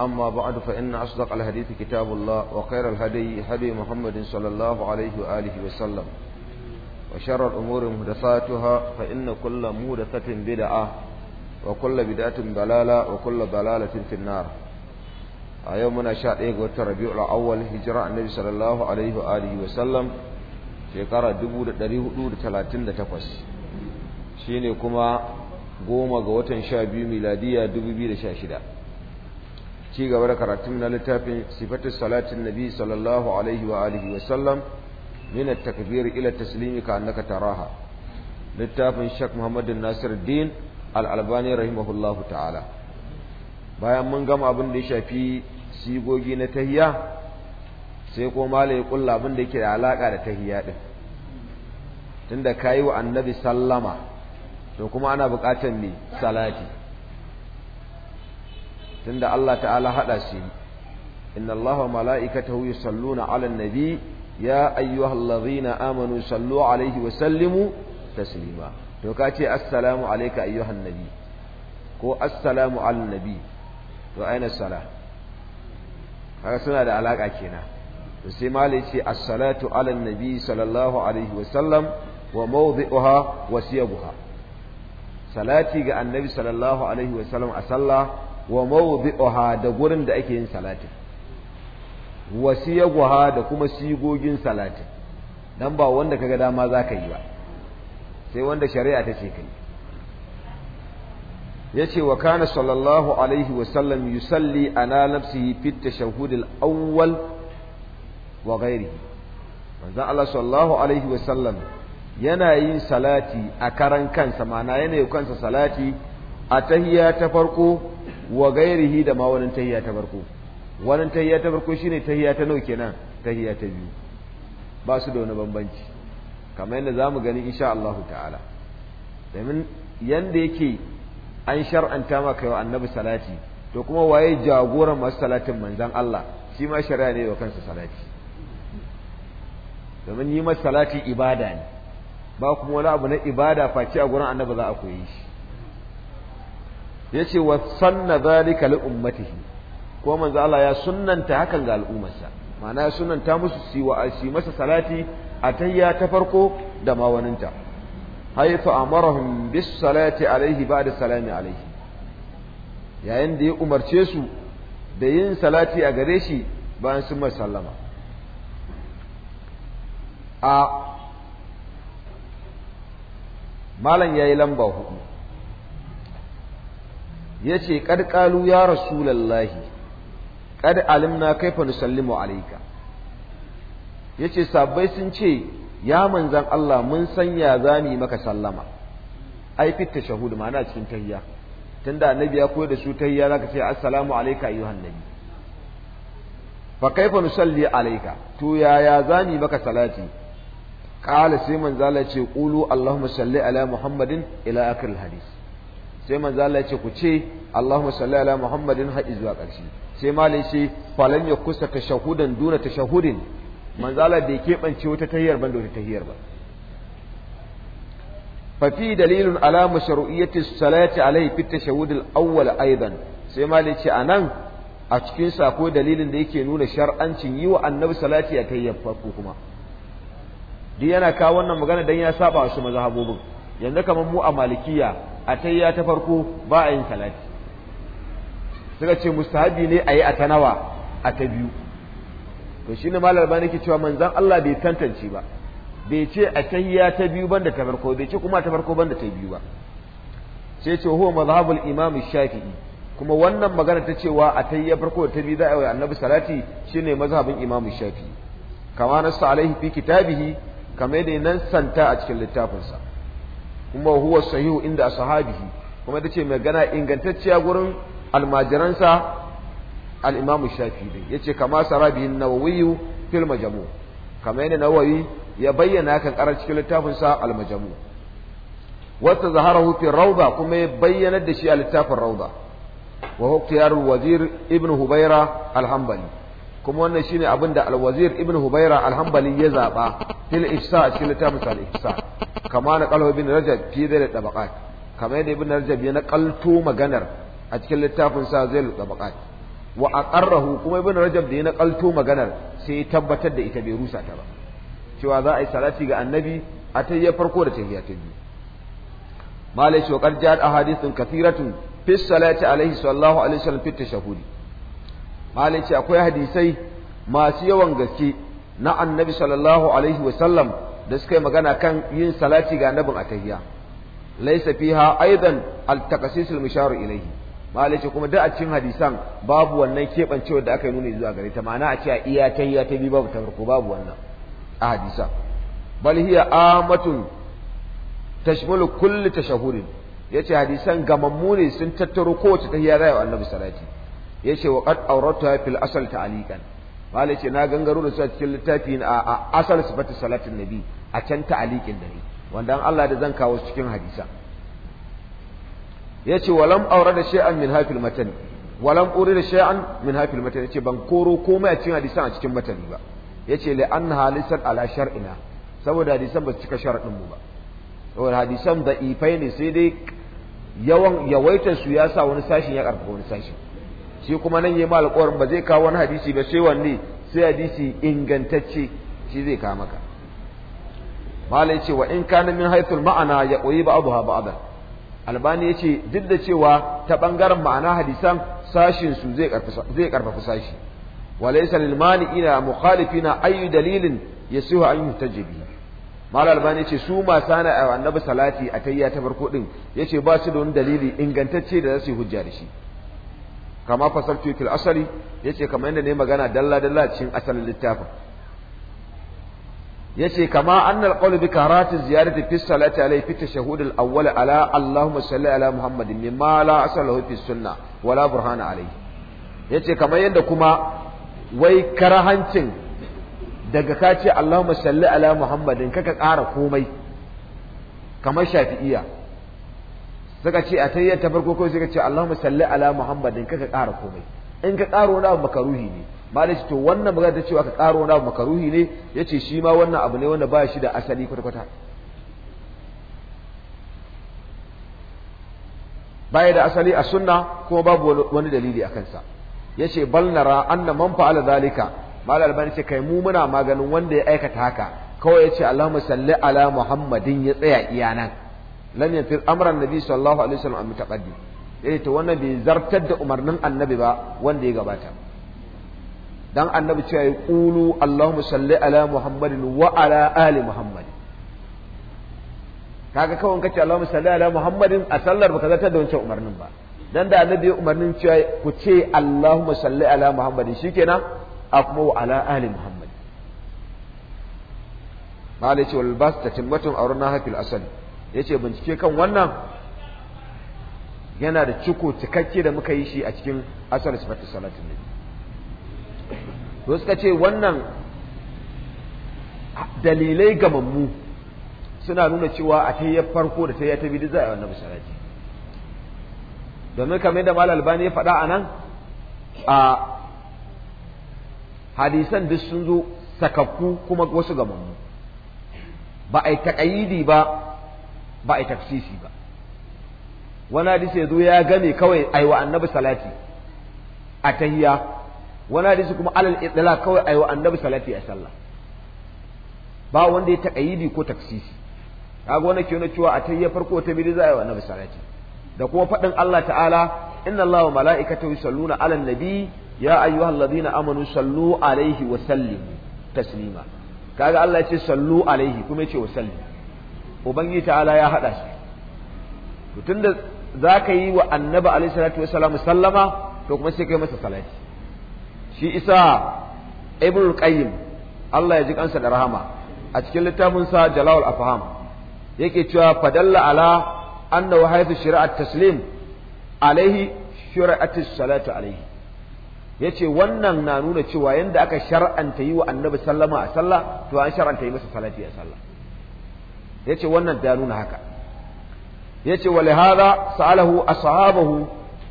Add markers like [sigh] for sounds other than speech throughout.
أما بعد فإن أصدق الحديث كتاب الله وخير الهدي هدي محمد صلى الله عليه وآله وسلم وشر الأمور مهدساتها فإن كل مهدسة بدعة وكل بدعة ضلالة وكل ضلالة في النار يومنا شاء إيقوة ربيع الأول هجرة النبي صلى الله عليه وآله وسلم شكرا دبو دريه دور تلاتين لتقوس شيني كما قوم قوة شابي ميلادية دبو بير شاشدة ci gaba da karatun na littafin sifatu salatin nabi sallallahu alaihi wa alihi wa sallam min at-takbir ila taslimi ka annaka taraha littafin Sheikh Muhammad din Al-Albani rahimahullahu ta'ala bayan mun gama abin da ya shafi sigogi na tahiyya sai ko malai kulla abin da yake da alaka da tahiyya din tunda kayi wa annabi sallama to kuma ana buƙatar me salati tunda Allah ta'ala hada shi inna Allah wa mala'ikatahu yusalluna 'alan nabi ya ayyuhallazina amanu sallu 'alaihi wa sallimu taslima to ka ce assalamu alayka ayyuhan nabi ko assalamu 'alan nabi to aina sala kaga suna da alaka kenan to sai malai ce as-salatu 'alan nabi sallallahu alaihi wa sallam wa mawdi'uha wa siyabuha salati ga annabi sallallahu alaihi wa sallam a sallah wa mawdi'uha da gurin da ake yin salatin wa siyaguha da kuma sigogin salati dan ba wanda kaga dama zaka yi ba sai wanda shari'a ta ce kai yace wa kana sallallahu alaihi wa sallam yusalli ala nafsihi fi tashahhud al-awwal wa ghairihi manzo Allah sallallahu alaihi wa sallam yana yin salati a karan kansa mana yana yi kansa salati a tahiya ta farko wa gairihi da ma wani tahiya ta farko wani tahiya ta farko shine tahiya ta nau kenan tahiya ta biyu ba su da wani bambanci kamar yadda zamu gani insha Allah ta'ala domin yanda yake an shar'anta maka yau annabi salati to kuma waye jagoran masu salatin manzon Allah shi ma shari'a ne wa kansa salati domin yi masa salati ibada ne ba kuma wani abu na ibada face a gurin annabi za a koyi shi yace wa sanna zalika li ummatihi ko manzo Allah ya sunnanta hakan ga al'ummarsa ma'ana ya sunnanta musu su yi masa salati a tayya ta farko da mawaninta haythu amarahum bis salati alaihi ba'da salami alaihi yayin da ya umarce su da yin salati a gare shi bayan sun mai sallama a malam yayi lamba hudu ya ce ƙarƙalu ya ya rasulallahi kad alimna fa nusallimu alaika ya ce sabbai sun ce ya manzan Allah mun sanya za mu yi maka sallama ai fitta shahudu ma'ana cikin tahiyya da annabi ya koyar da su tahiyya ka ce assalamu alaika ayyuhan nabi fa fa nusalli alaika to yaya za mu yi maka salati qala sai manzala ce qulu allahumma salli ala muhammadin ila akhir hadis sai manzala ya ce ku ce Allahumma salli ala Muhammadin haɗi zuwa ƙarshe sai malai ce falan ya kusa shahudan duna tashahudin manzala da bai keɓance wata tahiyar ban da wata tahiyar ba fa fi dalilun ala mashru'iyyati salati alaihi fi tashahhud al-awwal aidan sai malai ce anan a cikin ko dalilin da yake nuna shar'ancin yi wa annabi salati a tahiyyar farko kuma duk yana kawo wannan magana dan ya saba wasu mazhabobin yanzu kamar mu a malikiyya a ta farko ba a yin salati suka ce mustahabi ne a yi a ta nawa a ta biyu to shi ne malar ba nake cewa manzan Allah bai tantance ba bai ce a tayya ta biyu banda ta farko bai ce kuma ta farko banda ta biyu ba sai ce huwa mazhabul imam shafi'i kuma wannan magana ta cewa a tayya farko da ta biyu za a yi annabi salati shine mazhabin imam shafi'i kama nasu alaihi fi kitabihi kamar yadda nan santa a cikin littafinsa kuma huwa sahihu inda sahabihi kuma ita ce gana ingantacciya gurin almajiransa al-Imam Shafi'i Ya yace kama sarabi an-Nawawi fil majmu kama yana Nawawi ya bayyana kan karar cikin littafinsa almajamu. al-majmu wata zaharahu fi rawda kuma ya bayyana da shi a littafin rawda wa huwa wazir ibn Hubayra al kuma wannan shine abin da alwazir ibn hubaira alhambalin ya zaba fil ihsa a cikin littafin sa ihsa kama na qalhu ibn rajab fi da tabaqat kama yadda ibn rajab ya naqalto maganar a cikin littafin sa zail tabaqat wa aqarrahu kuma ibn rajab da ya na naqalto maganar sai ya tabbatar da ita bai rusa ta ba cewa za a yi salati ga annabi a tahiyya farko da tahiyya ta biyu malai shi wa qad ja'at ahadithun kathiratun fi salati alaihi sallallahu alaihi wasallam fi tashahhudi malai ce akwai hadisai masu yawan gaske na annabi sallallahu alaihi wasallam da suka yi magana kan yin salati ga annabin atahiya laisa fiha aidan altakasisul al-musharu ilayhi malai ce kuma da a cikin hadisan babu wannan kebancewa da aka yi nuni zuwa gare ta ma'ana a ce a iya tahiyya ta bi babu ta farko babu wannan a hadisa. bal hiya amatun tashmulu kulli tashahhudin yace hadisan gamammu ne sun tattaro kowace tahiyya ga annabi salati yace wa qad awrata fil asal ta'alikan malai ce na gangaro da su a cikin littafi a asal sifatu salatin nabi a can ta'alikin dare wanda Allah da zan kawo cikin hadisa yace walam aurada shay'an min hafil matan walam urida shay'an min hafil matan yace ban koro komai a cikin hadisan a cikin matani ba yace la'ana an halisat ala shar'ina saboda hadisan ba su cika sharadin mu ba saboda hadisan da ifai ne sai dai yawan yawaitar su ya sa wani sashin ya karfafa wani sashin shi kuma nan yi ma alƙawarin ba zai kawo wani hadisi ba sai wanne sai hadisi ingantacce shi zai kawo maka malai ce wa in kana min haithul ma'ana ya abu ba'daha ba albani ya ce duk da cewa ta bangaren ma'ana hadisan sashinsu zai ƙarfafa sashi wale sashi walaysa ina mukhalifi na ayyu dalilin ya yasihu an jibi mal albani ya ce su ma sana annabi salati a ta farko Ya ce ba su da wani dalili ingantacce da zasu hujja da shi kama fasaltu fil asali yace kamar yadda ne magana dalla dalla cikin asalin littafin yace kama annal qawlu bi karati ziyarati fi salati alai fi tashahhud al awwal ala allahumma salli ala muhammadin mimma la asalahu fi sunna wala burhana alai yace kamar yadda kuma wai karahancin daga ka ce allahumma salli ala muhammadin kaka kara komai kamar shafi'iya suka ce a tayyar ta farko kawai suka ce Allahumma salli ala Muhammadin kaka ƙara komai in ka ƙaro wani abu makaruhi ne malai ce to wannan magana ta cewa ka ƙaro wani abu makaruhi ne yace shi ma wannan abu ne wanda ba shi da asali kwata-kwata baya da asali a sunna kuma babu wani dalili a kansa yace bal nara anna man fa'ala zalika malal bani ce kai mu muna maganin wanda ya aikata haka kawai yace Allahumma salli ala Muhammadin ya tsaya iyanan lam yanfir amran nabi sallallahu alaihi wasallam an mutaqaddim eh to wannan bai zartar da umarnin annabi ba wanda ya gabata dan annabi cewa ya qulu allahumma salli ala muhammadin wa ala ali muhammad kaga kawai kace allahumma salli ala muhammadin a sallar baka zartar da wancan umarnin ba dan da annabi ya umarnin cewa ku ce allahumma salli ala muhammadin shikenan a kuma wa ala ali muhammad malai ce wal bas tatimmatu aurna hakil asali yace bincike kan wannan yana da ciko cikakke da muka yi shi a cikin asal sifatu salatin nabi to suka ce wannan dalilai gamammu suna nuna cewa a ta farko da ta yi ta biyu za a yi wannan salati domin kamar yadda mal albani ya faɗa a nan a hadisan duk sun zo sakakku kuma wasu gamammu ba a yi takayidi ba ba a tafsisi ba wani hadisi ya zo ya game kawai ai wa annabi salati a tahiya wani hadisi kuma alal idla kawai ai wa annabi salati a sallah ba wanda ya taƙayyidi ko tafsisi kaga wannan ke nuna cewa a tahiya farko ta biyu za a yi wa annabi salati da kuma faɗin Allah ta'ala inna Allahu mala'ikatahu yusalluna 'alan nabi ya ayyuhalladhina amanu sallu alaihi wa sallimu taslima kaga Allah ya ce sallu alaihi kuma ya ce wa sallimu ubangi ta'ala ya haɗa su to tunda za ka yi wa annaba alaihi salatu sallama to kuma sai kai masa salati shi isa ibnul qayyim Allah ya ji kansa da rahama a cikin littafin sa jalal afham yake cewa fadalla ala annahu haythu shari'at taslim alaihi shari'at salatu alaihi yace wannan na nuna cewa yanda aka shar'anta yi wa annabi sallama a sallah to an shar'anta yi masa salati a sallah yace wannan ta nuna haka yace wa lihadha sa'alahu ashabahu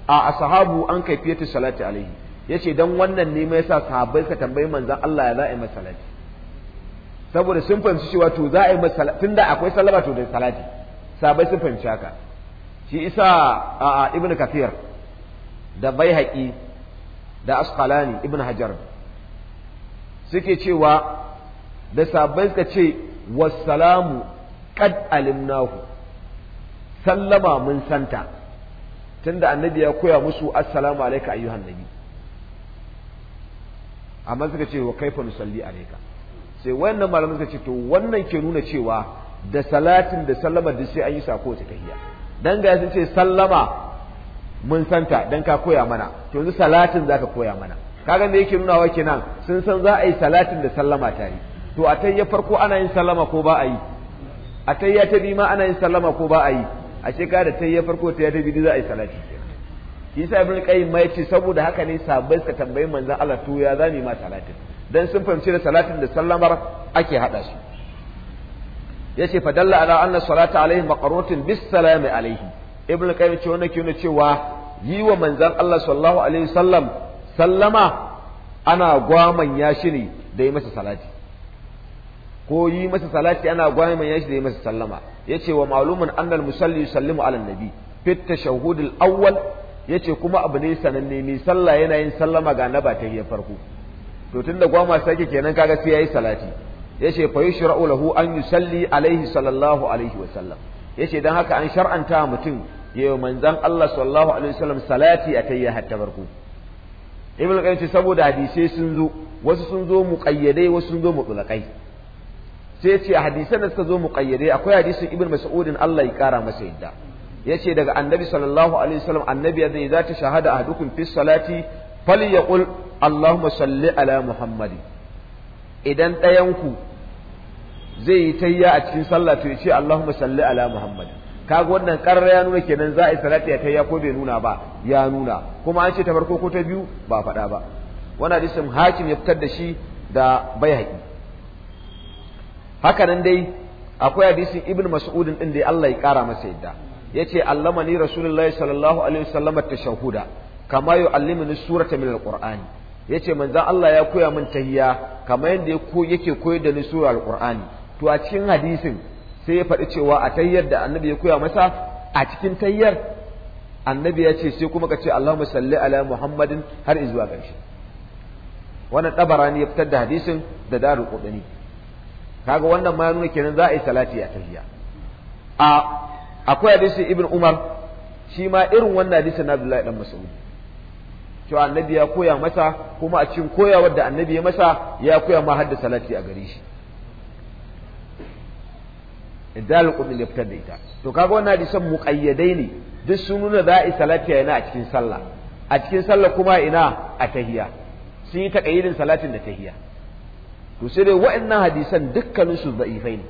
a ashabu an kaifiyatu salati alaihi yace dan wannan ne mai yasa sahabbai ka tambayi manzon Allah ya za'i masa salati saboda sun fahimci cewa to za a yi masa salati tunda akwai sallama to da salati sahabbai sun fahimci haka shi isa a ibnu kathir da baihaqi da asqalani ibnu hajar suke cewa da sahabbai suka ce wassalamu qad alimnahu sallama mun santa tunda annabi ya koya musu assalamu alayka ayyuhan nabi amma suka ce wa kaifa nusalli alayka sai wannan malamin suka ce to wannan ke nuna cewa da salatin da sallama da sai an yi sako ta tahiyya dan ga sun ce sallama mun santa dan ka koya mana to yanzu salatin zaka koya mana kaga me yake nunawa kenan sun san za a yi salatin da sallama tare to a tayya farko ana yin sallama ko ba a yi a tayya ta bi ma ana yin sallama ko ba a yi a shekara da tayya farko tayya ta bi za a yi salati Isa ibn Qayyim mai ce saboda haka ne sahabbai suka tambayi manzon Allah to ya zami ma salatin dan sun fahimci da salatin da sallamar ake hada su yace fa dalla ala anna salata alaihi maqrutun bis salami alaihi ibn Qayyim ce wannan ke nuna cewa yi wa manzon Allah sallallahu alaihi wasallam sallama ana gwaman ya shi ne da yi masa salati ko yi masa salati ana gwani mai yashi da yi masa sallama ya ce wa malumin annal musalli yusallimu ala nabi fit tashahhud al awwal yace kuma abu ne sananne mai sallah yana yin sallama ga ba ta yi farko to da gwama sake kenan kaga sai yayi salati Ya ce fa yushra'u lahu an yusalli alaihi sallallahu alaihi wa sallam Ya ce dan haka an shar'anta mutum ya yayin manzon Allah sallallahu alaihi wa sallam salati a tayya hatta barku ibnu qayyim saboda hadisi sun zo wasu sun zo muqayyadai wasu sun zo mutlaqai sai ce hadisan da suka zo muqayyade akwai hadisin ibn mas'udin Allah ya kara masa yadda yace daga annabi sallallahu alaihi wasallam annabi ya zai zata shahada ahadukum fi salati falyaqul allahumma salli ala muhammadi idan ɗayan ku zai yi tayya a cikin sallah to yace allahumma salli ala muhammadin kaga wannan karra ya nuna kenan za a yi salati ya tayya ko bai nuna ba ya nuna kuma an ce ta farko ko ta biyu ba faɗa ba wannan hadisin hakim ya fitar da shi da haƙi. haka nan dai akwai hadisin ibn mas'udin din da Allah ya kara masa yadda yace ni rasulullahi sallallahu alaihi wasallam kamar tashahhuda kama yu'allimuni surata min al yace manzon Allah ya koya min tahiyya kamar yadda yake koyar da ni sura al to a cikin hadisin sai ya faɗi cewa a tahiyyar da annabi ya koya masa a cikin tahiyyar annabi ya ce sai kuma ka ce Allahumma salli ala Muhammadin har izuwa ƙarshe wannan dabara ne ya fitar da hadisin da daru kudani kaga wannan ma nuna kenan za a yi salati a tahiyya a akwai hadisi ibn umar shi ma irin wannan hadisin na abdullahi dan mas'ud cewa annabi ya koya masa kuma a cikin koyawar da annabi ya masa ya koya ma hadda salati a gare shi idal qudin ya da ita to kaga wannan hadisan muqayyadai ne duk sun nuna za a yi salati a yana a cikin sallah a cikin sallah kuma ina a tahiya. sun yi takayyidin salatin da tahiya. to sai dai wa'annan hadisan dukkanin su da'ifai ne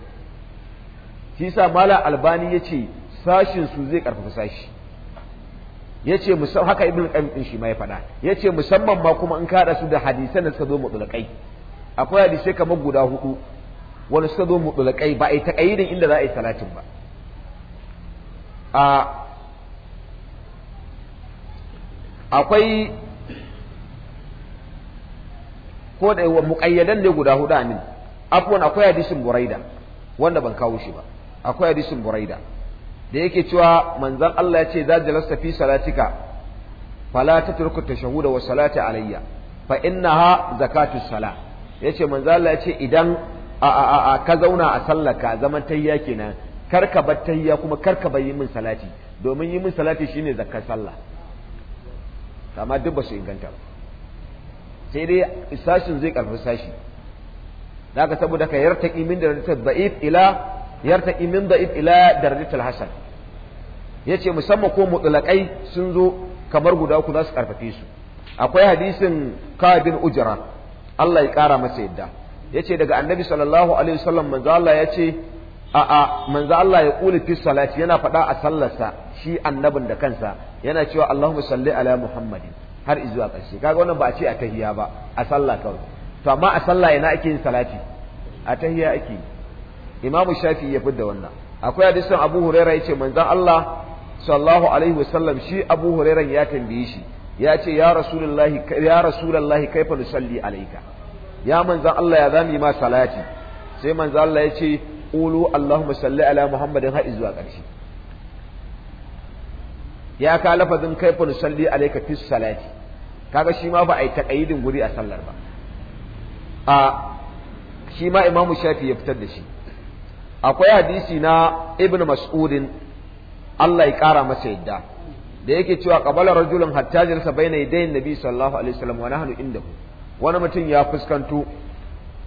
shi sa mala albani yace sashin su zai karfafa sashi ce musamman haka ibn qayyim shi ma ya faɗa ce musamman ma kuma in kaɗa su da hadisan da suka zo mutulakai akwai hadisai kamar guda hudu wani suka zo mutulakai ba yi taƙayyidin inda za a yi salatin ba akwai ko da muƙayyadan ne guda hudu amin abubuwan akwai hadisin buraida wanda ban kawo shi ba akwai hadisin buraida da yake cewa manzon Allah ya ce za lasta fi salatika fala shahu da wa salati alayya fa innaha zakatu sala Ya ce manzon Allah ya ce idan a ka zauna a sallaka zaman tayya kenan kar ka bar tayya kuma kar ka yi min salati domin yi min salati shine zakar sallah amma duk ba su inganta ba sai dai sashin zai karfi sashi daga saboda ka yartaki min darajatul da'if ila yartaki min da'if ila darajatul hasan yace musamman ko mutlaqai sun zo kamar guda uku za su karfafi su akwai hadisin kabin ujura. Allah ya kara masa yadda yace daga annabi sallallahu alaihi wasallam manzo Allah ce a a manzo Allah ya kula fi salati yana faɗa a sallarsa shi annabin da kansa yana cewa Allahumma salli ala Muhammadin har zuwa ƙarshe kaga wannan ba a ce a tahiya ba a sallah kawai to amma a sallah ina ake yin salati a tahiya ake yi imamu shafi ya fidda wannan akwai hadisin abu huraira yace manzon Allah sallallahu alaihi wasallam shi abu hurairan ya tambaye shi ya ce ya rasulullahi ya rasulullahi kaifa nusalli alayka ya manzon Allah ya zami ma salati sai manzon Allah yace qulu allahumma salli ala muhammadin har zuwa ƙarshe ya ka lafazin kaifa nusalli alayka fi salati kaga shi ma ba a yi taqayyidin guri a sallar ba a shi ma imamu shafi ya fitar da shi akwai hadisi na ibn mas'udin Allah ya kara masa yadda da yake cewa qabala rajulun hatta jalsa baina yadayin nabi sallallahu alaihi wasallam wa nahnu indahu wani mutum ya fuskanto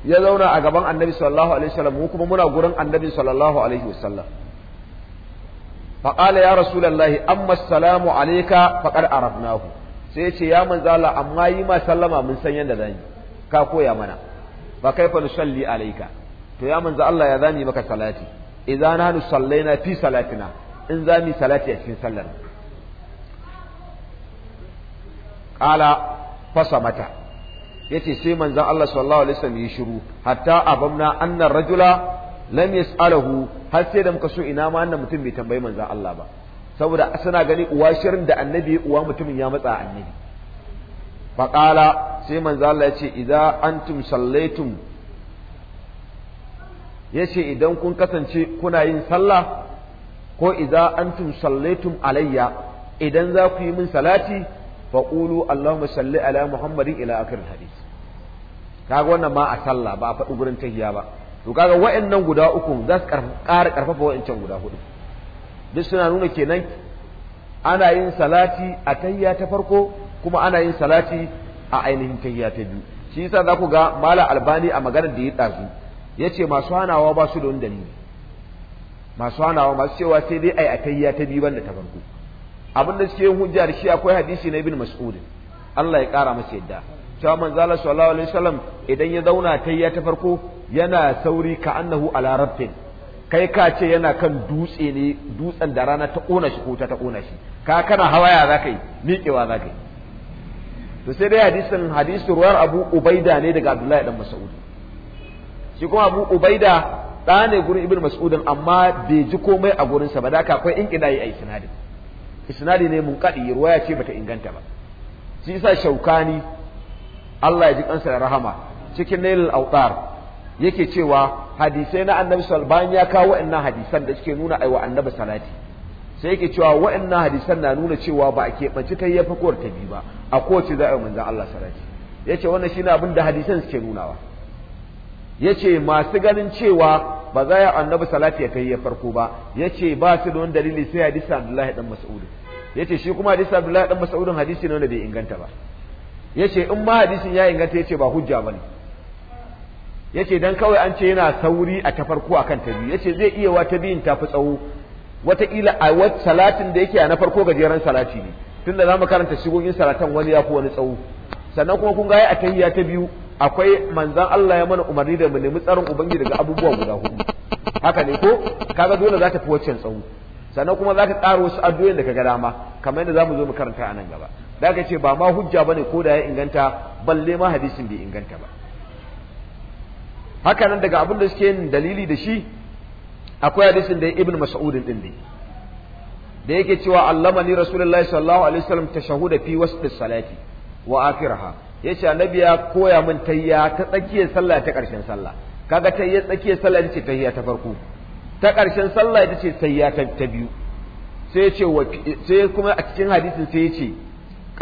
ya zauna a gaban annabi sallallahu alaihi wasallam mu kuma muna gurin annabi sallallahu alaihi wasallam faƙala ya rasulallahi amma salamu alaika faƙar arafnahu sai ya ce ya manzala amma yi ma sallama mun san yadda zani ka koya mana fa nusalli alaika to ya manzo Allah ya zani maka salati idan nahnu na fi salatina in zami salati a cikin sallar Ƙala fasa mata yace sai manzon Allah sallallahu alaihi wasallam yi shiru hatta abamna annan rajula lam yas'alahu har sai da muka so ina ma annan mutum bai tambayi manzo Allah ba saboda suna gani uwa shirin da annabi uwa mutumin ya matsa annabi faqala sai manzo Allah ya ce idza antum sallaitum yace idan kun kasance kuna yin sallah ko idza antum sallaitum alayya idan za ku yi min salati qulu allahumma salli ala muhammadin ila akhir hadith kaga wannan ma a sallah ba a faɗi gurin tahiya ba to kaga wa'annan guda uku za su ƙara ƙarfafa wa'ancan guda hudu duk suna nuna kenan ana yin salati a tayya ta farko kuma ana yin salati a ainihin tayya ta biyu shi yasa za ku ga mala albani a maganar da ya ɗazu ya ce masu hanawa ba su da wani dalili masu hanawa masu cewa sai dai ai a tayya ta biyu banda ta farko abinda da suke yin hujja da shi akwai hadisi na ibn mas'ud Allah ya ƙara masa yadda cewa manzo Allah sallallahu alaihi wasallam idan ya zauna tayya ta farko yana sauri ka annahu ala rabbin kai ka ce yana kan dutse ne dutsen da rana ta kona shi ko ta ta kona shi ka kana hawaya zaka yi miƙewa zaka yi to sai dai hadisin hadisin ruwar Abu Ubaida ne daga Abdullahi dan Mas'ud shi kuma Abu Ubaida da ne gurin Ibn Mas'udin amma bai ji komai a gurin sa ba da akwai in yi a isnadin isnadi ne mun kadi ruwaya ce bata inganta ba shi yasa Shaukani Allah ya ji kansa da rahama cikin Nailul autar yake cewa hadisai na annabi bayan ya kawo wa'annan hadisan da suke nuna aiwa annabi salati sai yake cewa wa'annan hadisan na nuna cewa ba a keɓance kai ya fi kowar ta biyu ba a kowace za a yi manzan Allah salati ya ce wannan na abin da hadisan suke nunawa ya ce masu ganin cewa ba za ya annabi salati ya kai ya farko ba ya ce ba su da wani dalili sai hadisi abdullahi dan mas'ud ya ce shi kuma hadisi abdullahi dan mas'ud hadisi ne wanda bai inganta ba ya ce in ma hadisin ya inganta ya ce ba hujja ba ne yace dan kawai an ce yana sauri a ta farko akan ta biyu yace zai iya wa ta biyun ta fi tsawo wataƙila a wat salatin da yake a na farko gajeren salati ne tunda zamu mu karanta shigogin salatan wani ya fi wani tsawo sannan kuma kun ga a tahiyya ta biyu akwai manzan Allah ya mana umarni da mu nemi tsaron ubangi daga abubuwa guda hudu haka ne ko kaga dole za ta fi waccan tsawo sannan kuma za ka tsara wasu addu'o'in da ka ga dama kamar yadda za mu zo mu karanta a nan gaba da ka ce ba ma hujja bane ko da ya inganta balle ma hadisin bai inganta ba haka nan daga abin da suke yin dalili da shi akwai hadisin da ibn mas'udin din ne da yake cewa allamani rasulullahi sallallahu alaihi wasallam tashahuda fi wasdi salati wa akhiraha yace annabi ya koya min tayya ta tsakiyar sallah ta karshen sallah kaga tayya tsakiyar sallah ita ce tayya ta farko ta karshen sallah ita ce tayya ta biyu sai yace sai kuma a cikin hadisin sai yace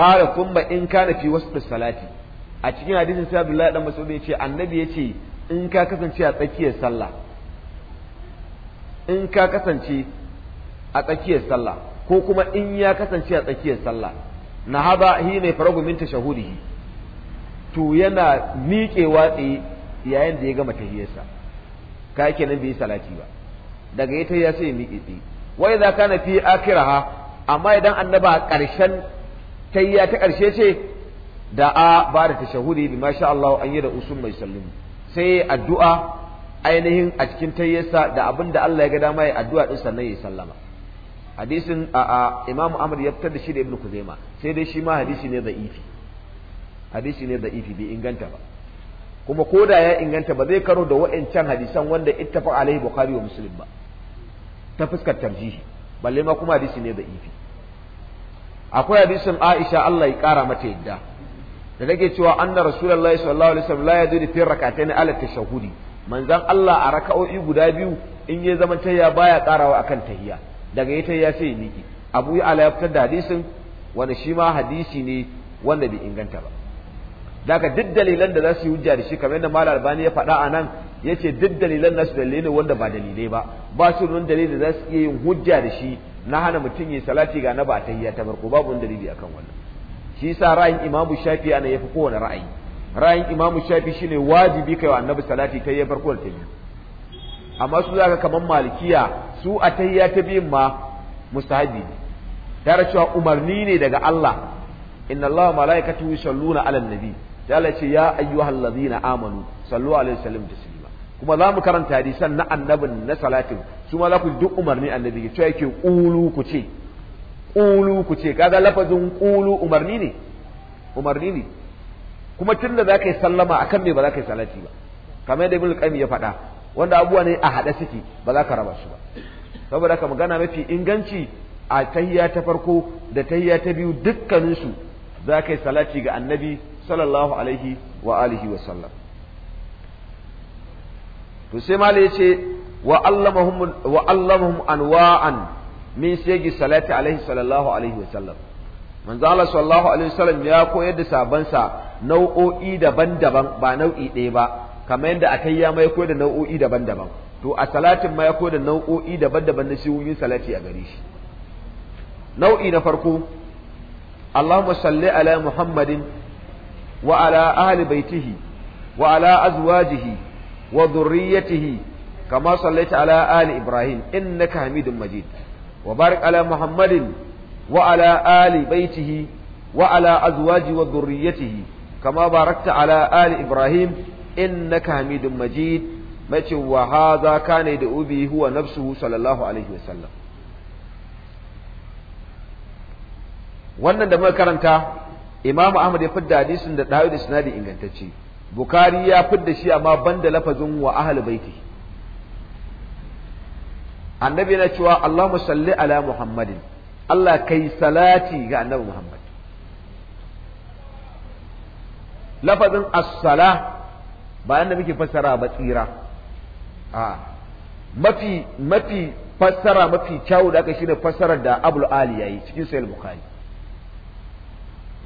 qala kumma in kana fi wasdi salati a cikin hadisin sai Abdullahi dan Mas'ud yace annabi yace in ka kasance a tsakiyar sallah in ka kasance a tsakiyar sallah ko kuma in ya kasance a tsakiyar sallah na haba hi ne faragu min tashahudihi to yana miƙewa watsi yayin da ya gama tahiyarsa ka kenan bai salati ba daga ita ya sai miƙe tsi wa idza kana fi akhiraha amma idan annaba karshen tayya ta ƙarshe ce da a ba da tashahudi bi masha Allah an yi da usul mai sallimu sai addu'a ainihin a cikin tayyarsa da abin da Allah ya ga dama ya addu'a ɗin sannan ya sallama hadisin a Imam Ahmad ya fitar da shi da Ibn Kuzaima sai dai shi ma hadisi ne da'ifi hadisi ne da'ifi bai inganta ba kuma ko da ya inganta ba zai karo da wa'ancan hadisan wanda ittafa alaihi Bukhari wa Muslim ba ta fuskar tarjihi balle ma kuma hadisi ne da'ifi akwai hadisin Aisha Allah ya kara mata yadda da nake cewa anna rasulullahi sallallahu alaihi wasallam la yadri fi rak'atayn ala tashahudi manzan Allah a raka'o'i guda biyu in ya zama tayya baya karawa akan tahiyya daga ita ya sai miki Abu Ala ya da hadisin wanda shi ma hadisi ne wanda bai inganta ba daga duk dalilan da za su yi hujja da shi kamar yadda Malam Albani ya faɗa a nan yace duk dalilan nasu dalilai ne wanda ba dalilai ba ba su nan dalilin da za su iya yin hujja da shi na hana mutum yi salati ga na ba tahiyya ta ko babu wani dalili akan wannan shi yasa ra'ayin imamu shafi ana yafi kowane ra'ayi ra'ayin imamu shafi shine wajibi kai wa annabi salati ta yi farko da ta biyu amma su zaka kaman malikiya su a tahiyya ta biyun ma mustahabi ne tare cewa umarni ne daga Allah inna Allah malaikatu yusalluna ala nabi sai Allah ce ya ayyuhallazina amanu sallu alaihi wasallam taslima kuma za mu karanta hadisan na annabin na salatin su ma za ku duk umarni annabi cewa yake qulu ku ce ƙulu ku ce kaga lafazin ƙulu umarni ne umarni ne kuma tun da za ka yi sallama akan me ba za ka yi salati ba kamar yadda ibn qayyim ya faɗa wanda abubuwa ne a haɗa suke ba za ka raba su ba saboda ka magana mafi inganci a tahiyya ta farko da tahiyya ta biyu dukkaninsu za ka yi salati ga annabi sallallahu alaihi wa alihi wa sallam to sai mala yace wa allamahum wa allamahum anwa'an min shegi salati alaihi sallallahu alaihi wa sallam manzo Allah sallallahu alaihi ya koyar da sabansa nau'o'i daban-daban ba nau'i ɗaya ba kamar yadda akai ya mai koyar da nau'o'i daban-daban to a salatin ma ya koyar da nau'o'i daban-daban na shiwoyin salati a gare shi nau'i na farko Allahumma salli ala Muhammadin wa ahli baitihi wa azwajihi wa dhurriyyatihi kama sallaita ala ali Ibrahim innaka Majid وبارك على محمد وعلى آل بيته وعلى أزواجه وذريته كما باركت على آل إبراهيم إنك حميد مجيد mace wa haza kana yad'u bihi huwa nafsuhu sallallahu alaihi wasallam wannan da muka karanta imamu ahmad ya fidda hadisin da dawo da sinadi ingantacce bukari ya fidda shi amma banda lafazin wa ahli baiti annabi yana cewa Allahumma salli ala Muhammadin Allah kai salati ga annabi Muhammad lafazin as-sala ba yanda muke fassara ba tsira a mafi mafi fassara mafi kyawu da aka shine fassarar da Abul Ali yayi cikin Sahih Bukhari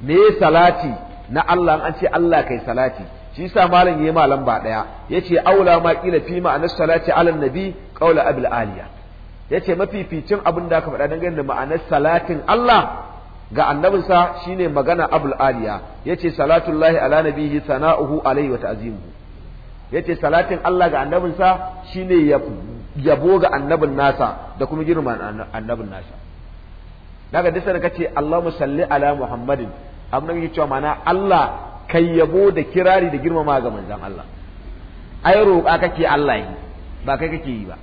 me salati na Allah an ce Allah kai salati shi yasa malam yayi malam ba daya yace aula ma kila fi ma'anar salati ala nabi qaula abul aliya yace mafificin abin da aka faɗa dangane da ma'anar salatin Allah ga annabinsa shine magana abul aliya yace salatullahi ala nabihi sana'uhu alaihi wa ta'zimuhu yace salatin Allah ga annabinsa shine yabo ga annabin nasa da kuma girma annabin nasa daga duk da kace Allahumma salli ala Muhammadin amma yake cewa mana Allah kai yabo da kirari da girmama ga manzan Allah ai roƙa kake Allah yi ba kai kake yi ba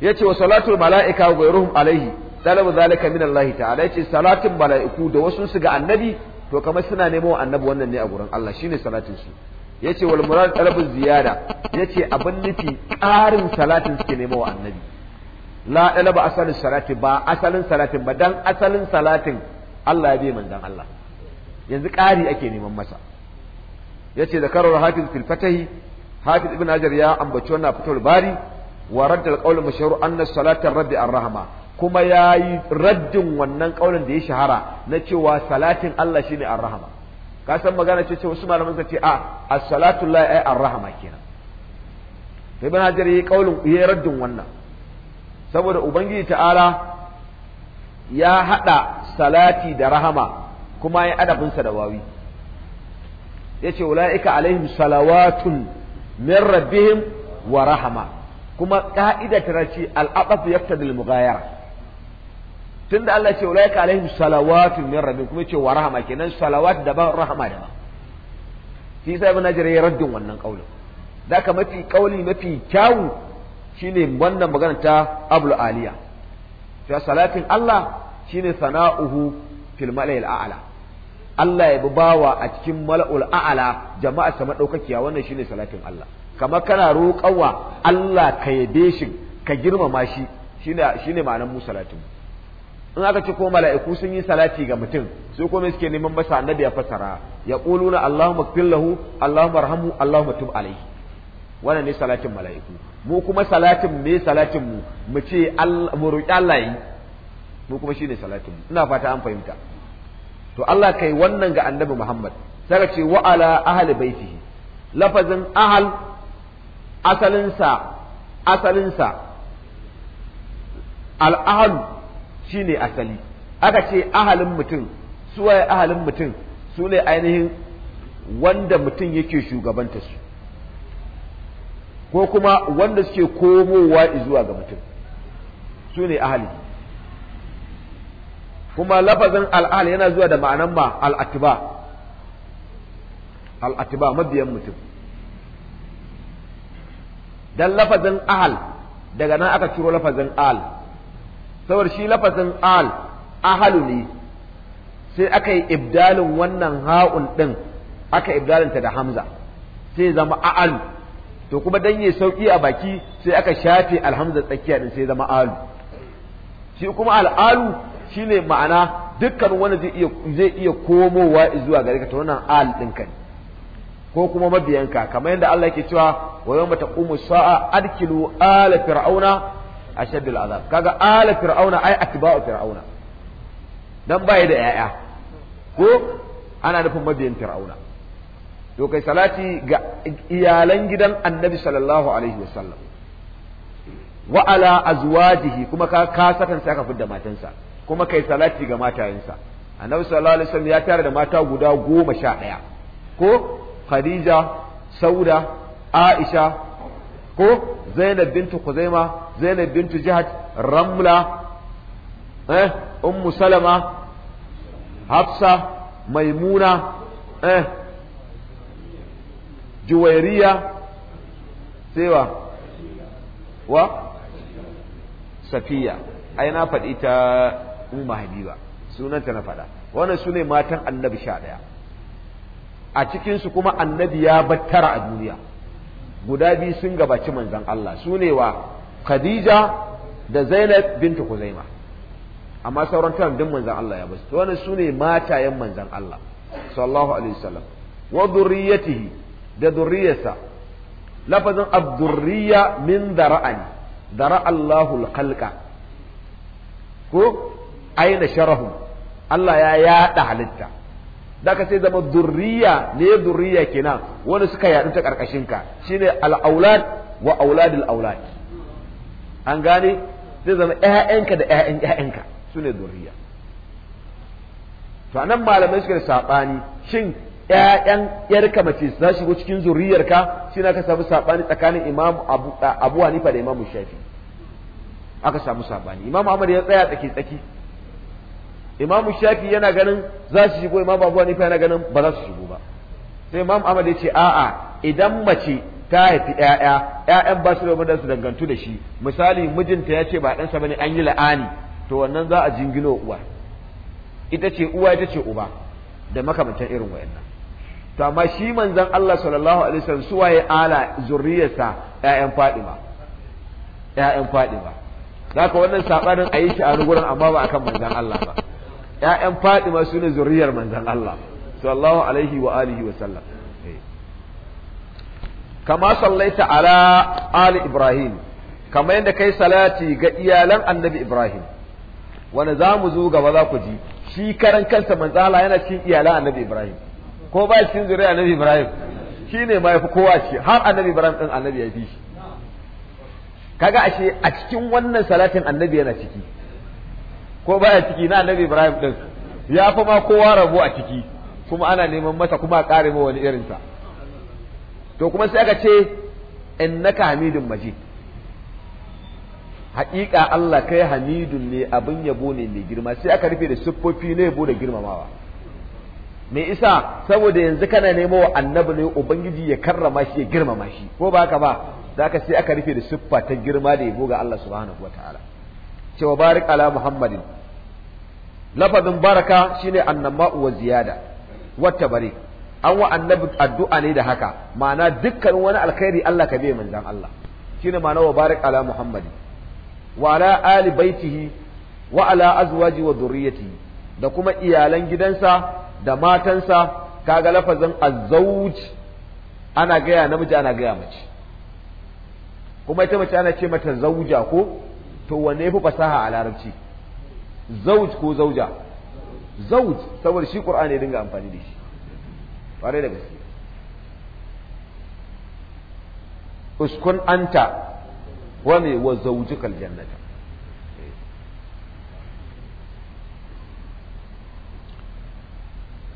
yace wa salatul malaika ghayruhum alaihi talabu zalika min Allah ta'ala yace salatin malaiku da wasu su ga annabi to kamar suna nemo annabi wannan ne a gurin Allah shine salatin su yace wal murad talabu ziyada yace abin nufi karin salatin suke nemo wa annabi la talabu asalin salati ba asalin salatin ba dan asalin salatin Allah ya bi manzon Allah yanzu ƙari ake neman masa yace da karar hafiz fil fatahi hafiz ibn hajar ya ambaci wannan fatul bari wa raddal qawl mashhur anna salatar rabbi ar-rahma kuma yayi raddin wannan kaulin da ya shahara na cewa salatin Allah shine ar-rahma ka san magana ce ce wasu malaman ce a as-salatu la ay ar-rahma kenan sai ibn hajar yayi kaulin yayi raddin wannan saboda ubangiji ta'ala ya hada salati da rahama kuma ya adabinsa da wawi yace ulaika alaihim salawatun min rabbihim wa rahama kuma ka'ida tana ce al'aqaf yaqtadi al-mughayara tunda Allah ce ulaika alaihim salawatu min rabbihim kuma ce wa rahama kenan salawat daban rahama daban shi yasa ibn Hajar ya raddin wannan kaulin daka mafi kauli mafi kyawu shine wannan magana ta Abul Aliya to salatin Allah shine sana'uhu fil mala'il a'la Allah ya bi bawa a cikin mala'ul a'la jama'a sama madaukakiya wannan shine salatin Allah kamar kana roƙawa Allah ka yabe shi ka girmama shi shine ne ma'anar mu salatin in aka ce ko mala'iku sun yi salati ga mutum su kuma suke neman masa annabi ya fasara ya quluna allahumma ighfir lahu allahumma arhamhu allahumma tub alayhi wannan ne salatin mala'iku mu kuma salatin me salatin mu mu ce mu roƙi Allah yi mu kuma shine salatin mu ina fata an fahimta to Allah kai wannan ga annabi Muhammad sai ce wa ala ahli baitihi lafazin ahal asalinsa asalinsa al'ahalu shi ne asali aka ce ahalin mutum suwaye ahalin mutum su ne ainihin wanda mutum yake shugabanta su ko kuma wanda suke komowa zuwa ga mutum su ne ahali kuma lafazin al'ahal yana zuwa da ma'anan ma al'atiba al'atiba mabiyan mutum dan lafazin ahal daga nan aka ciro lafazin al saboda shi lafazin al ahalu ne sai aka yi ibdalin wannan ha'un din aka ibdalinta da hamza sai zama al to kuma dan yi sauki a baki sai aka shafe alhamza tsakiya din sai zama alu shi kuma al'alu shine ma'ana dukkan wani zai iya zai iya komowa zuwa gare ka to wannan al din ka ne ko kuma mabiyanka kamar yadda Allah yake cewa wa yawma taqumu sa'a adkilu ala fir'auna ashaddul azab kaga ala fir'auna ai atba'u fir'auna dan bai da yaya ko ana nufin mabiyan fir'auna to kai salati ga iyalan gidan annabi sallallahu alaihi wasallam wa ala azwajihi kuma ka ka sakan sai ka fidda matansa kuma kai salati ga matayensa annabi sallallahu alaihi wasallam ya tare da mata guda goma sha ɗaya ko khadija sauda aisha ko zainab bintu kuzaima zainab bintu jihad ramla eh ummu salama hafsa maimuna eh juwairiya sewa wa safiya ai na faɗi ta umma habiba sunanta na faɗa wannan su ne matan annabi sha ɗaya a cikinsu kuma annabi ya battara a duniya guda biyu sun gabaci manzon Allah su ne wa Khadija da Zainab bintu Kuzaima amma sauran taron din manzon Allah ya basu to su ne matayen manzon Allah sallallahu alaihi wasallam wa dhurriyyatihi da dhurriyarsa lafazin abdurriya min dara'ani dara Allahu al-khalqa ko aina sharahu. Allah ya yada halitta da ka sai zama durriya ne durriya kenan wanda suka yadu ta karkashin ka shine al-aulad wa auladul aulad an gane zai zama ƴaƴanka da ƴaƴan ƴaƴanka sune durriya to anan malamai suka sabani shin ƴaƴan yarka mace za shigo cikin zuriyarka shi na ka samu sabani tsakanin imam abu hanifa da imam shafi aka samu sabani imam ahmad ya tsaya tsaki tsaki imam shafi yana ganin za su shigo imam abu hanifa yana ganin ba za su shigo ba sai imam ahmad ya ce a'a idan mace ta haifi 'ya'ya, ƴaƴan ba su da su dangantu da shi misali mijinta ya ce ba ɗansa bane an yi la'ani to wannan za a jingino uwa ita ce uwa ita ce uba da makamantan irin wayannan to amma shi manzon Allah sallallahu alaihi wasallam ya ala zurriyarsa ƴaƴan Fadima ƴaƴan Fadima zaka wannan sabanin ayi shi a gurin amma ba akan manzon Allah ba ƴaƴan Fatima ne zuriyar manzan Allah sallallahu alaihi wa alihi wa sallam kama sallaita ala ali Ibrahim kama yadda kai salati ga iyalan annabi Ibrahim wanda za mu zo gaba za ku ji shi karan kansa manzan Allah yana cikin iyalan annabi Ibrahim ko ba cikin zuriyar annabi Ibrahim shine ma yafi kowa ce har annabi Ibrahim din annabi ya bi shi kaga ashe a cikin wannan salatin annabi yana ciki ko baya ciki na annabi Ibrahim din ya fa ma kowa rabu a ciki kuma ana neman masa kuma a kare ma wani irinsa to kuma sai aka ce innaka hamidun majid haƙiƙa Allah kai hamidun ne abin yabo ne mai girma sai aka rufe da siffofi na yabo da girmamawa me isa saboda yanzu kana nemo wa annabi ne ubangiji ya karrama shi ya girmama shi ko ba haka ba zaka sai aka rufe da siffa ta girma da yabo ga Allah subhanahu wataala cewa barik ala muhammadin lafazin baraka shine annama wa ziyada wata bare. an wa annabi addu'a ne da haka ma'ana dukkan wani alkhairi Allah ka bai manzan Allah shine ma'ana wa barik ala muhammadi wa ala ali baitihi wa ala azwaji wa dhurriyyatihi da kuma iyalan gidansa da matansa kaga lafazin azwaj ana gaya namiji ana gaya mace kuma ita mace ana ce mata zauja ko to wanne fi fasaha a larabci zauj ko zauja zauj saboda shi qur'ani ya dinga amfani da shi ƙwarai da gaske uskun anta wa me wa zaujikal jannata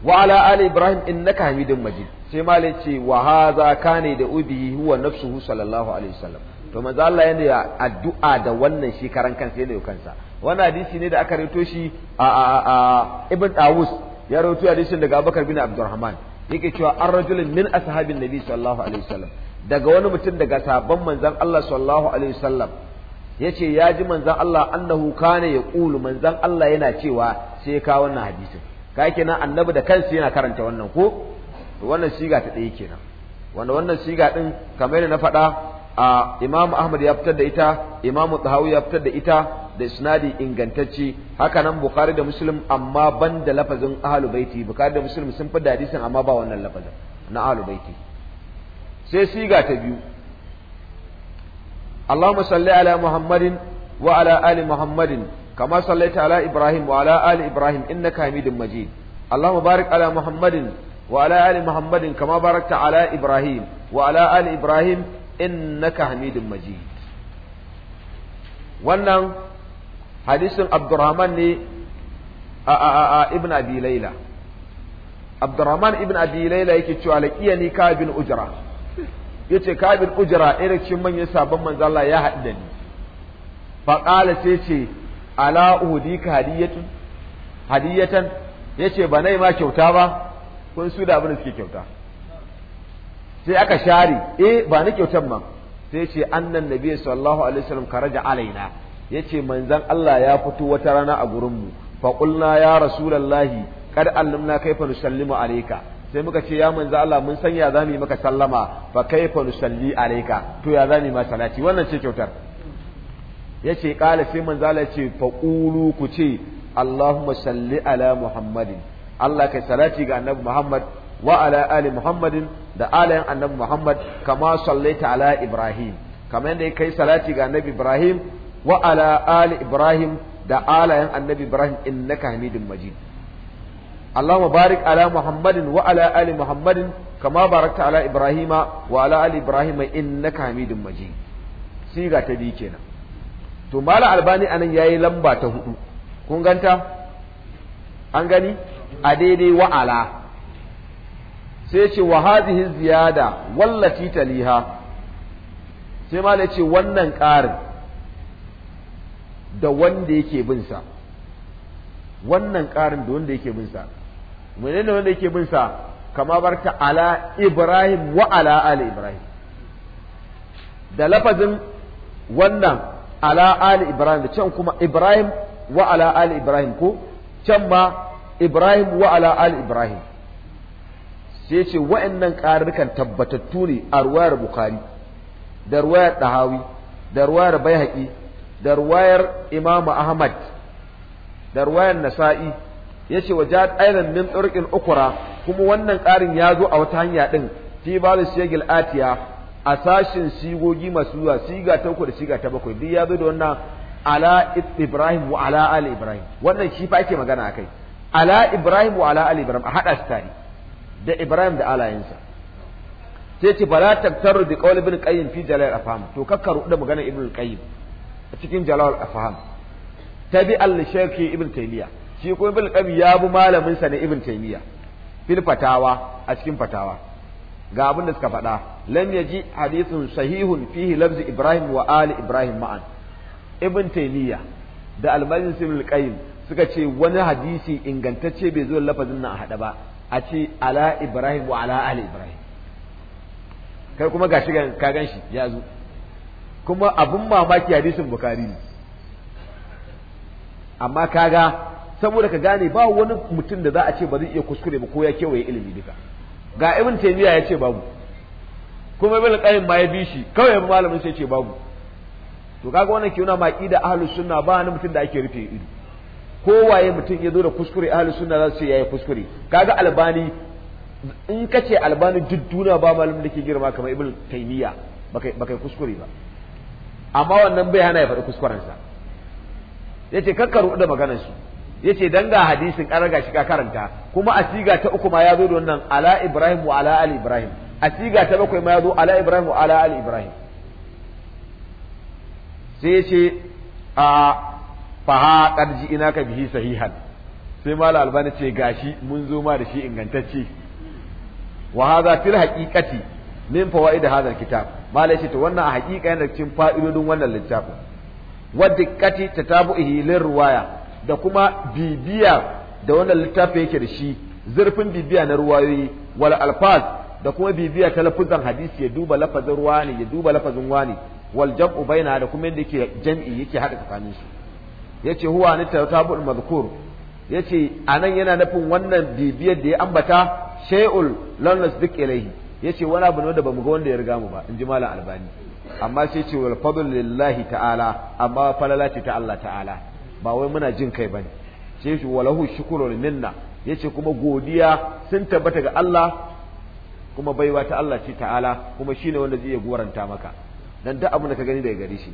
wa ala ali ibrahim innaka hamidun majid sai malai ce wa ka kane da ubi huwa nafsuhu sallallahu alaihi wasallam to manzo Allah yana addu'a da wannan shi karan kansa yana kansa wannan hadisi ne da aka rito shi a ibn Dawus ya rawaito hadisin daga Abubakar bin Abdurrahman yake cewa an rajulin min ashabin nabi sallallahu alaihi wasallam daga wani mutum daga sabon manzon Allah sallallahu alaihi wasallam yace ya ji manzon Allah annahu kana yaqulu manzon Allah yana cewa sai ka wannan hadisin ka kenan annabi da kansa yana karanta wannan ko wannan siga ta ɗaya kenan wanda wannan siga din kamar yadda na faɗa a Imam Ahmad ya fitar da ita Imam Tahawi ya fitar da ita da isnadi ingantacce haka nan bukhari da muslim amma ban da lafazin ahlul baiti bukhari da muslim sun fi da hadisin amma ba wannan lafazin na ahlul baiti sai siga ta biyu Allahumma salli ala Muhammadin wa ala ali Muhammadin kama sallaita ala Ibrahim wa ala ali Ibrahim innaka Hamidum Majid Allahumma barik ala Muhammadin wa ala ali Muhammadin kama barakta ala Ibrahim wa ala ali Ibrahim innaka Hamidum Majid wannan hadisin abdurrahman ne a a ibn abi laila ibn abi yake cewa laqiyani ka bin ujra yace ka bin ujra irin cikin manyan sabon manzo ya haɗu da ni fa qala ce ala uhdika hadiyatun hadiyatan yace ba nai ma kyauta ba kun su da abin da suke kyauta sai aka share eh ba ni kyautan ma sai ce annan nabi sallallahu alaihi wasallam karaja alaina yace manzon Allah ya fito wata rana a gurin mu fa qulna ya rasulullahi kad allimna kaifa nusallimu alayka sai muka ce ya manzon Allah mun san ya zamu yi maka sallama fa kaifa nusalli alayka to ya zamu ma salati wannan ce kyautar yace qala sai manzon Allah yace fa qulu ku ce Allahumma salli ala Muhammadin Allah kai salati ga annabi Muhammad wa ala ali Muhammadin da alayan annabi Muhammad kama sallaita ala Ibrahim kamar yadda kai salati ga annabi Ibrahim wa ala ali ibrahim da alayen annabi ibrahim innaka hamidun majid اللهم بارك على محمد وعلى آل محمد كما باركت على إبراهيم وعلى آل إبراهيم إنك حميد مجيد سيغا تبي كينا to mala albani anan yayi lamba ta huɗu, kun ganta an gani a daidai wa'ala sai ce wa hadhihi ziyada wallati taliha sai mala ce wannan ƙarin da wanda yake bin sa wannan ƙarin da wanda yake bin sa menene wanda yake bin sa kama barka ala ibrahim wa ala ali ibrahim da lafazin wannan ala ali ibrahim da can kuma ibrahim wa ala ali ibrahim ko can ma ibrahim wa ala ali ibrahim sai ce wa'annan ƙararrukan tabbatattu ne a ruwayar bukari da ruwayar ɗahawi da ruwayar baihaqi da ruwayar Imam Ahmad da ruwayar Nasa'i yace wa ja'at aidan min turqin ukura, kuma wannan ƙarin ya zo a wata hanya din fi balu shegil atiya a sashin sigogi masu zuwa siga ta uku da siga ta bakwai duk ya zo da wannan ala ibrahim wa ala ali ibrahim wannan shi fa ake magana akai ala ibrahim wa ala ali ibrahim a hada su tare da ibrahim da alayensa sai ce bala taktaru bi qawl ibn qayyim fi jalal afham to kakkaru da magana ibn qayyim a cikin jalal afham tabi'al bi shaykhi ibn taymiya shi ko ibn qayyim ya bi malamin sa ne ibn taymiya fil fatawa a cikin fatawa ga abin da suka faɗa lam yaji hadithun sahihun fihi lafz ibrahim wa ali ibrahim ma'an ibn taymiya da al-majlis ibn suka ce wani hadisi ingantacce bai zo lafazin nan a hada ba a ce ala ibrahim wa ala ali ibrahim kai kuma gashi ka gan shi ya zo kuma abun mamaki hadisin bukari ne amma kaga saboda ka gane ba wani mutum da za a ce ba zai iya kuskure ba ko ya kewaye ilimi duka ga ibn taymiya ya ce babu kuma ibn qayyim ma ya bi shi kawai malamin sai ce babu to kaga wannan ke nuna ma aqida ahlus sunna ba wani mutum da ake rufe ido kowaye mutum ya zo da kuskure ahlus sunna za su ce yayi kuskure kaga albani in kace albani duk duniya ba malamin da ke girma kamar ibn taymiya baka baka kuskure ba amma wannan bai hana ya faɗi kuskurensa yace kakka ruɗu da maganar su ce, dan ga hadisin ƙarar ga shi ka karanta kuma a siga ta uku ma ya zo da wannan ala ibrahim wa ala ali ibrahim a siga ta bakwai ma ya zo ala ibrahim wa ala ali ibrahim sai ya ce, a faha ƙarji ina ka bihi sahihan sai mala albani ce gashi mun zo ma da shi ingantacce wa haza fil haqiqati min fawaid hadha kitab malai ce to wannan a hakika yana cikin fa'idodin wannan littafin wadikkati tatabu'ihi lin ruwaya da kuma bibiya da wannan littafin yake da shi zurfin bibiya na ruwayoyi wal alfaz da kuma bibiya ta lafuzan hadisi ya duba lafazin ruwani ya duba lafazin wani wal jam'u baina da kuma yake jam'i yake hada tsakanin su yace huwa ni tatabul madhkur yace anan yana nufin wannan bibiyar da ya ambata shay'ul lan duk ilaihi yace wani abu ne da bamu ga wanda ya riga mu ba in ji malam albani amma sai ce wal fadl lillahi ta'ala amma falala ce ta Allah ta'ala ba wai muna jin kai bane sai shi walahu shukrul minna yace kuma godiya sun tabbata ga Allah kuma baiwa ta Allah ce ta'ala kuma shine wanda zai goranta maka dan da abu da ka gani daga gare shi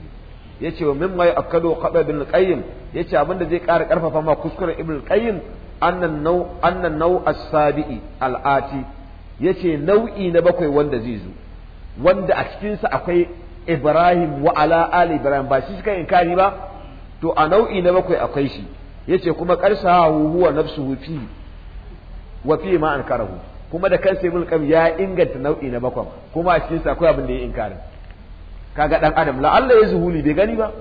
yace wa mimma ya'kadu qaba bin qayyim yace abinda zai kara karfafa ma kuskuren ibn qayyim annan nau annan nau as-sabi'i al-ati yace nau'i na bakwai wanda zai zo wanda a cikinsa akwai Ibrahim wa ala ali Ibrahim ba shi suka inkari ba to a nau'i na bakwai akwai shi yace kuma qarsahu huwa nafsu fi wa fi ma ankarahu kuma da kansa ibn qam ya inganta nau'i na bakwai kuma a cikinsa akwai abin da ya inkari kaga dan adam la Allah ya zuhuli bai gani ba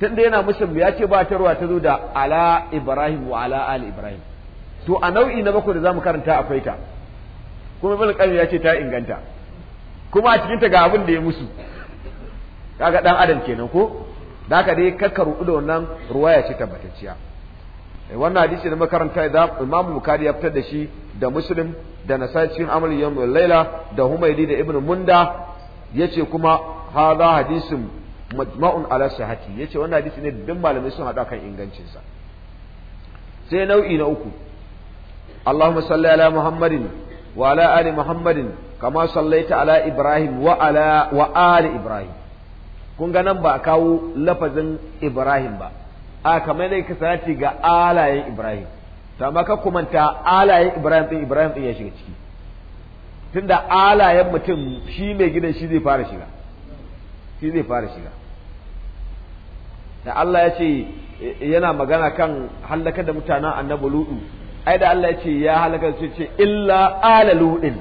tunda yana musulmi ya ce ba ta ruwa ta zo da ala Ibrahim wa ala ali Ibrahim to a nau'i na bakwai da zamu karanta akwai ta kuma ibn qayyim ya ce ta inganta kuma a cikin ta ga abin da ya musu kaga dan adam kenan ko da haka dai kakka rudu da wannan ruwaya ce tabbatacciya eh, wannan hadisi da makaranta da imamu bukari ya fitar da shi da muslim da nasai cikin amal laila da humaydi da Ibn munda yace kuma hadha hadisin majma'un ala sihhati yace wannan hadisi ne dukkan malamai sun hada kan ingancinsa sai nau'i na uku اللهم صل على محمد وعلى آل محمد كما صليت على إبراهيم وعلى وآل إبراهيم kun ga nan ba a kawo lafazin Ibrahim ba a kamar da ka ga alayen Ibrahim ta maka kumanta alayen Ibrahim din Ibrahim din ya shiga ciki tunda alayen mutum shi mai gidan shi zai fara shiga shi zai da Allah ya ce yana magana kan hallakar da mutanen annabi Luɗu. ai da Allah ya ce ya halaka su ce illa ala ludin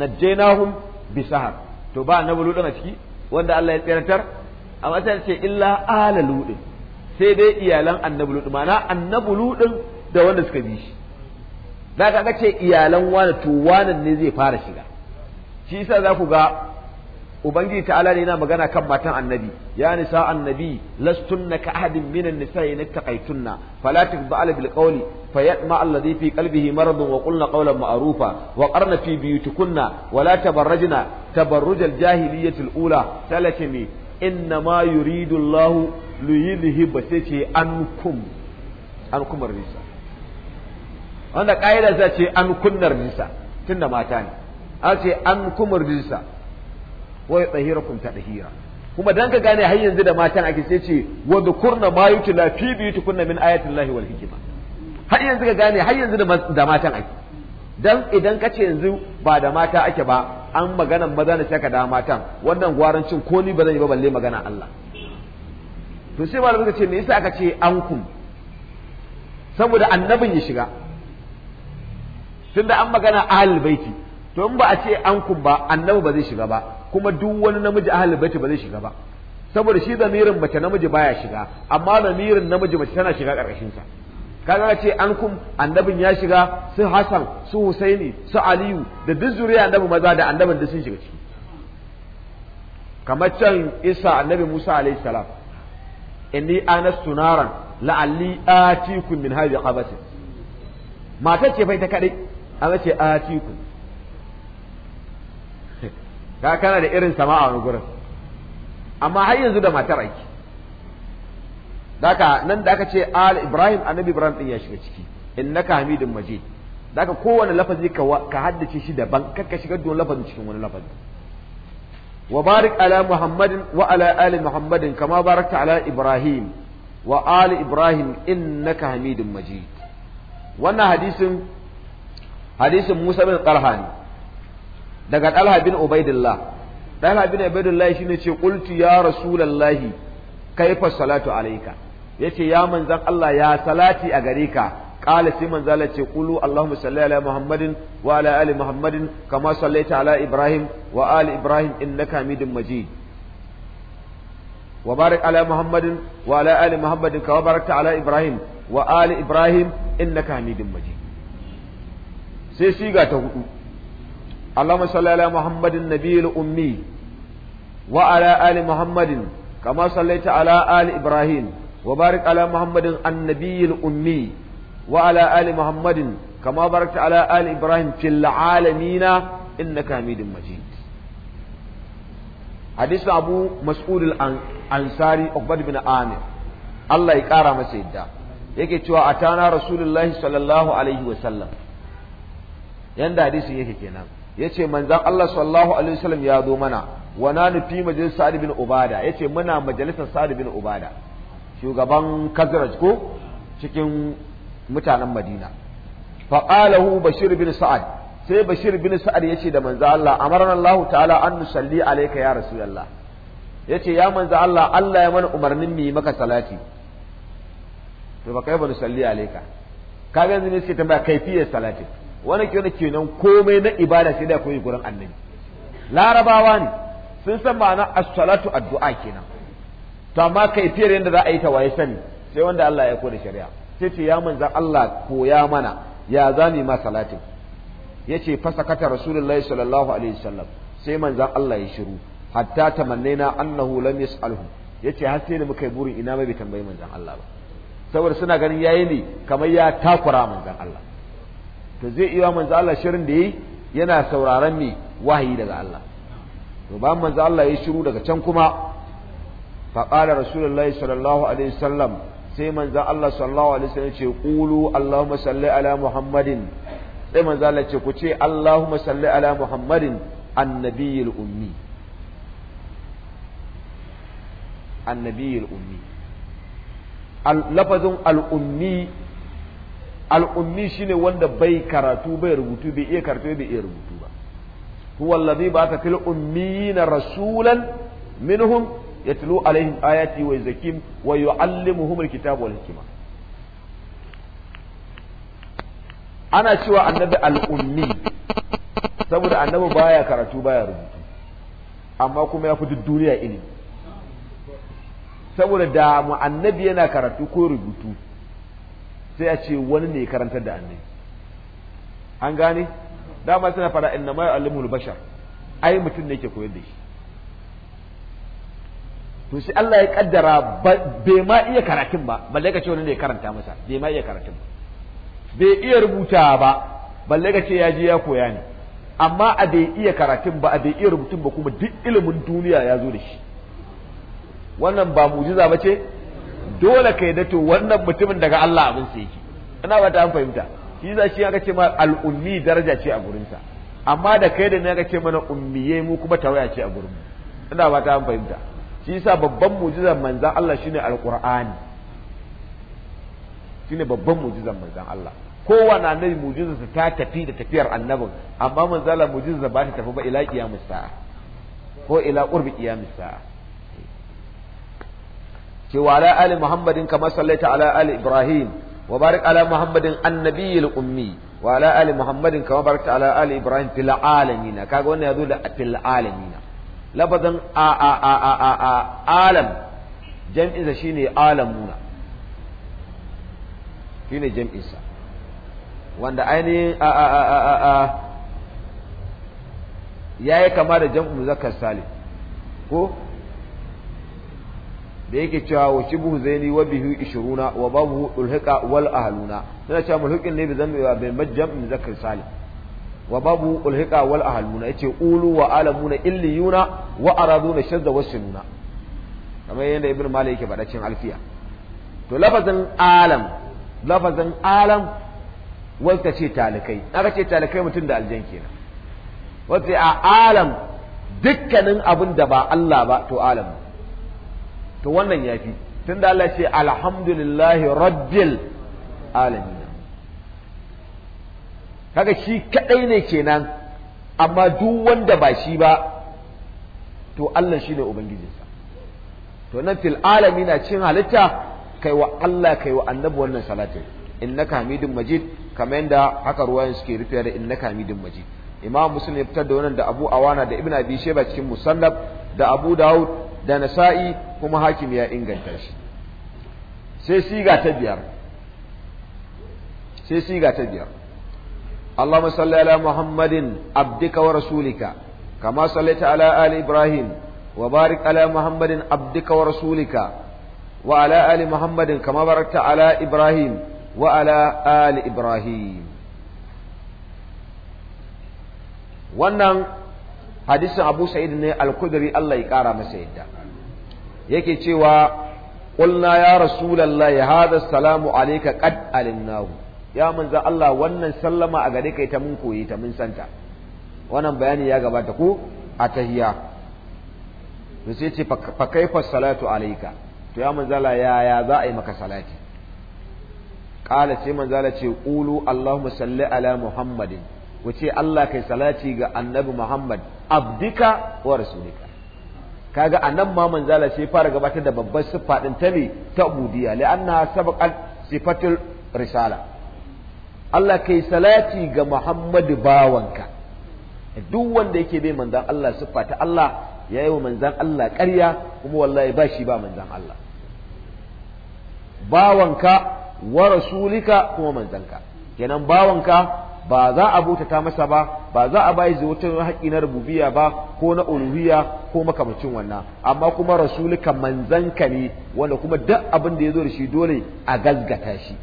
najjaynahum bi sahar to ba na ludin a ciki wanda Allah ya tsiratar amma sai ce illa ala ludin sai dai iyalan annabi ludin ma'ana annabi ludin da wanda suka bi shi da ka ce iyalan wani to wani ne zai fara shiga shi yasa za ku ga ubangiji ta'ala ne yana magana kan matan annabi ya nisa annabi lastunna ka ahadin minan nisa na taqaytunna fala tafda'ala bil qawli fayatma alladhi fi qalbihi maradun wa qulna qawlan ma'rufa wa qarna fi buyutikunna wa la tabarrajna tabarruj al jahiliyyati al ula talakimi inna ma yuridu Allah liyudhhiba sace ankum ankum rijsa wanda kaida ce an kunnar rijsa tunda mata ne a ce an kumar rijsa wa ta tadhira kuma dan ka gane har yanzu da matan ake sai ce wa dhukurna ma yutla fi biyutikunna min ayatin llahi wal hikma har yanzu ka gane har yanzu da matan ake dan idan ka ce yanzu ba da mata ake ba an magana maza ne saka da matan wannan gwarancin ko ni ba zan yi ba balle magana Allah to sai malamai ka ce me yasa aka ce an kun saboda annabin ya shiga tunda an magana ahlul baiti to in ba a ce an kun ba annabi ba zai shiga ba kuma duk wani namiji ahlul baiti ba zai shiga ba saboda shi zamirin mace namiji baya shiga amma zamirin namiji mace tana shiga karkashin sa kaga ce an kum annabin ya shiga su Hassan su Husaini su Aliyu da duk zuriya annabi maza da annabin duk sun shiga ciki kamar can Isa annabi Musa alaihi salam inni anastu naran la'alli atikum min hadhihi qabatin matar ce fa ita kadai an ce atikum ka kana da irin sama a wani gurin amma har yanzu da matar aiki daka nan da aka ce al ibrahim annabi ibrahim din ya shiga ciki innaka hamidun majid daka kowane lafazi ka haddace shi daban kar ka shigar don lafazin cikin wani lafazi wa barik ala muhammadin wa ala ali muhammadin kama barakta ala ibrahim wa ali ibrahim innaka hamidun majid wannan hadisin hadisin musa bin talha ne daga Talha bin Ubaidillah Talha bin Ubaidillah shine ce qultu ya rasulullahi kaifa salatu Ya ce ya manzan Allah ya salati a gare ka qala sai manzo Allah ce qulu Allahumma salli ala Muhammadin wa ala ali Muhammadin kama sallaita ala Ibrahim wa ali Ibrahim innaka Hamidum Majid وبارك على محمد وعلى آل محمد كما باركت على إبراهيم وآل إبراهيم إنك حميد مجيد sai siga ta hudu اللهم صل على محمد النبي الأمي وعلى آل محمد كما صليت على آل إبراهيم وبارك على محمد النبي الأمي وعلى آل محمد كما باركت على آل إبراهيم في العالمين إنك حميد مجيد حديث أبو مسعود الأنصاري عقبة بن عامر الله يكرم سيدنا yake cewa a tana rasulullahi sallallahu alaihi wasallam yanda hadisin yake kenan yace manzon Allah sallallahu alaihi wasallam ya zo mana wa nanu fi majlis Sa'd bin Ubada yace muna majalisar Sa'd bin Ubada shugaban Khazraj ko cikin mutanen Madina fa qalahu Bashir bin Sa'ad sai Bashir bin Sa'ad yace da manzon Allah amarna Allah ta'ala an nusalli alayka ya rasulullah yace ya manzon Allah Allah ya mana umarnin mu yi maka salati to ba kai ba nusalli alayka kaga yanzu ne suke tambaya fiye salati. Wani ke kenan komai na ibada sai da koyi gurin annabi larabawa ne sun san ma'ana as-salatu addu'a kenan to amma kai fiyar yadda za a yi ta waye sani sai wanda Allah ya koda shari'a sai ce ya manzan Allah koya mana ya zani ma salatin yace fasakata rasulullahi sallallahu alaihi wasallam sai manzan Allah ya shiru hatta tamannaina annahu lam yas'alhu yace har sai da muka yi burin ina mai bai tambayi manzan Allah ba saboda suna ganin yayi ne kamar ya takura manzan Allah to zai iya manzo Allah shirin da yi yana sauraron me wahayi daga Allah to ba manzo Allah ya shiru daga can kuma fa qala rasulullahi sallallahu alaihi wasallam sai manzo Allah sallallahu alaihi wasallam ce qulu allahumma salli ala muhammadin sai manzo Allah ce ku ce allahumma salli ala muhammadin annabiyil ummi annabiyil ummi lafazin al'ummi al'ummi shine wanda bai karatu bai rubutu bai iya karatu bai iya rubutu ba huwa allazi ba'atha fil ummiyina rasulan minhum yatlu alaihim ayati wa yuzakkihim wa yu'allimuhum alkitaba wal hikma ana cewa annabi al'ummi saboda annabi baya karatu baya rubutu amma kuma ya fi duniya ilimi saboda da mu annabi yana karatu ko rubutu sai a ce wani ne karantar da annabi an gane dama suna fara inna ma yu'allimul bashar ai mutum ne yake koyar da shi to sai Allah ya kaddara bai ma iya karatun ba balle ka ce wani ne karanta masa bai ma iya karatun ba bai iya rubuta ba balle ka ce ya je ya koya ne amma a bai iya karatun ba a bai iya rubutun ba kuma duk ilimin duniya ya zo da shi wannan ba mujiza ba ce dole ka yadda to wannan mutumin daga Allah abin sa yake ina ba ta an fahimta shi za shi aka ce ma al'ummi daraja ce a gurinsa amma da kai da ni aka ce mana ummiye mu kuma tawaya ce a gurin mu ina ba ta an fahimta shi yasa babban mu'jizar manzan Allah shine alqur'ani shine babban mu'jizar manzan Allah kowane annabi mu'jizarsa ta tafi da tafiyar annabin amma manzala mu'jizarsa ba ta tafi ba ila qiyamus sa'a ko ila qurbi qiyamus sa'a cewa ala ali muhammadin kama sallaita ala ali ibrahim wa barik ala muhammadin annabiyil ummi wa ala ali muhammadin kama barakta ala ali ibrahim fil alamin kaga wannan yazo da fil alamin labazan a a a a a, alam jam'in sa shine alamuna shine jam'in sa wanda ainihin a a a a a yayi kama da jam'u muzakkar salim ko da yake cewa wa shibhu zaini wa bihi 20 wa babu ulhiqa wal ahluna yana cewa mulhiqin ne bi zammi wa bi majjam min zakr salim wa babu ulhiqa wal ahluna ce ulu wa alamuna illiyuna wa araduna shadda nuna. kamar yadda ibn malik yake faɗa cin alfiya to lafazin alam lafazin alam wata ce talikai aka ce talikai mutum da aljan kenan wanda a alam dukkanin abin da ba Allah ba to alam to wannan ya fi tun da Allah ce alhamdulillahi rabbil alamin kaga shi kadai ne kenan amma duk wanda ba shi ba to Allah shine ubangijinsa to nan fil alamin na cin halitta kai wa Allah kai wa annabi wannan salatin innaka hamidun majid kamar yadda haka ruwayan suke rufe da innaka hamidun majid imam muslim ya fitar da wannan da abu awana da ibn abi sheba cikin musannaf da abu daud da nasa'i kuma hakim ya inganta shi sai siga ta biyar sai siga ta biyar اللهم صل على محمد عبدك ورسولك كما صليت على آل إبراهيم وبارك على محمد عبدك ورسولك وعلى آل محمد كما باركت على إبراهيم وعلى آل إبراهيم wannan hadisin abu sa'id ne al-kudri Allah ya kara masa yadda yake cewa qulna ya ya hada salamu alayka qad alimnahu ya manzo Allah wannan sallama a gare kai ta mun koyi ta mun santa wannan bayani ya gabata ko a tahiyya to sai ce fa kaifa salatu alayka to ya manzo Allah ya ya za a yi maka salati qala sai manzo Allah ce qulu allahumma salli ala muhammadin ku ce Allah kai salaci ga annabi Muhammad abdika wa rasulika kaga anan ma manzala sai fara gabatar da babbar siffa din ta ne ta ubudiyya la'anna sabaqat sifatul risala Allah kai salaci ga Muhammadu bawanka duk wanda yake bai manzan Allah siffa ta Allah ya yi wa manzan Allah ƙarya kuma wallahi ba shi ba manzan Allah bawanka wa rasulika kuma manzanka kenan bawanka ba za a bautata masa ba ba za a bayi wutan haƙi na rububiya ba ko na uluhiyya ko makamacin wannan amma kuma rasulika manzanka ne wanda kuma duk abin da ya zo da shi dole a gazgata shi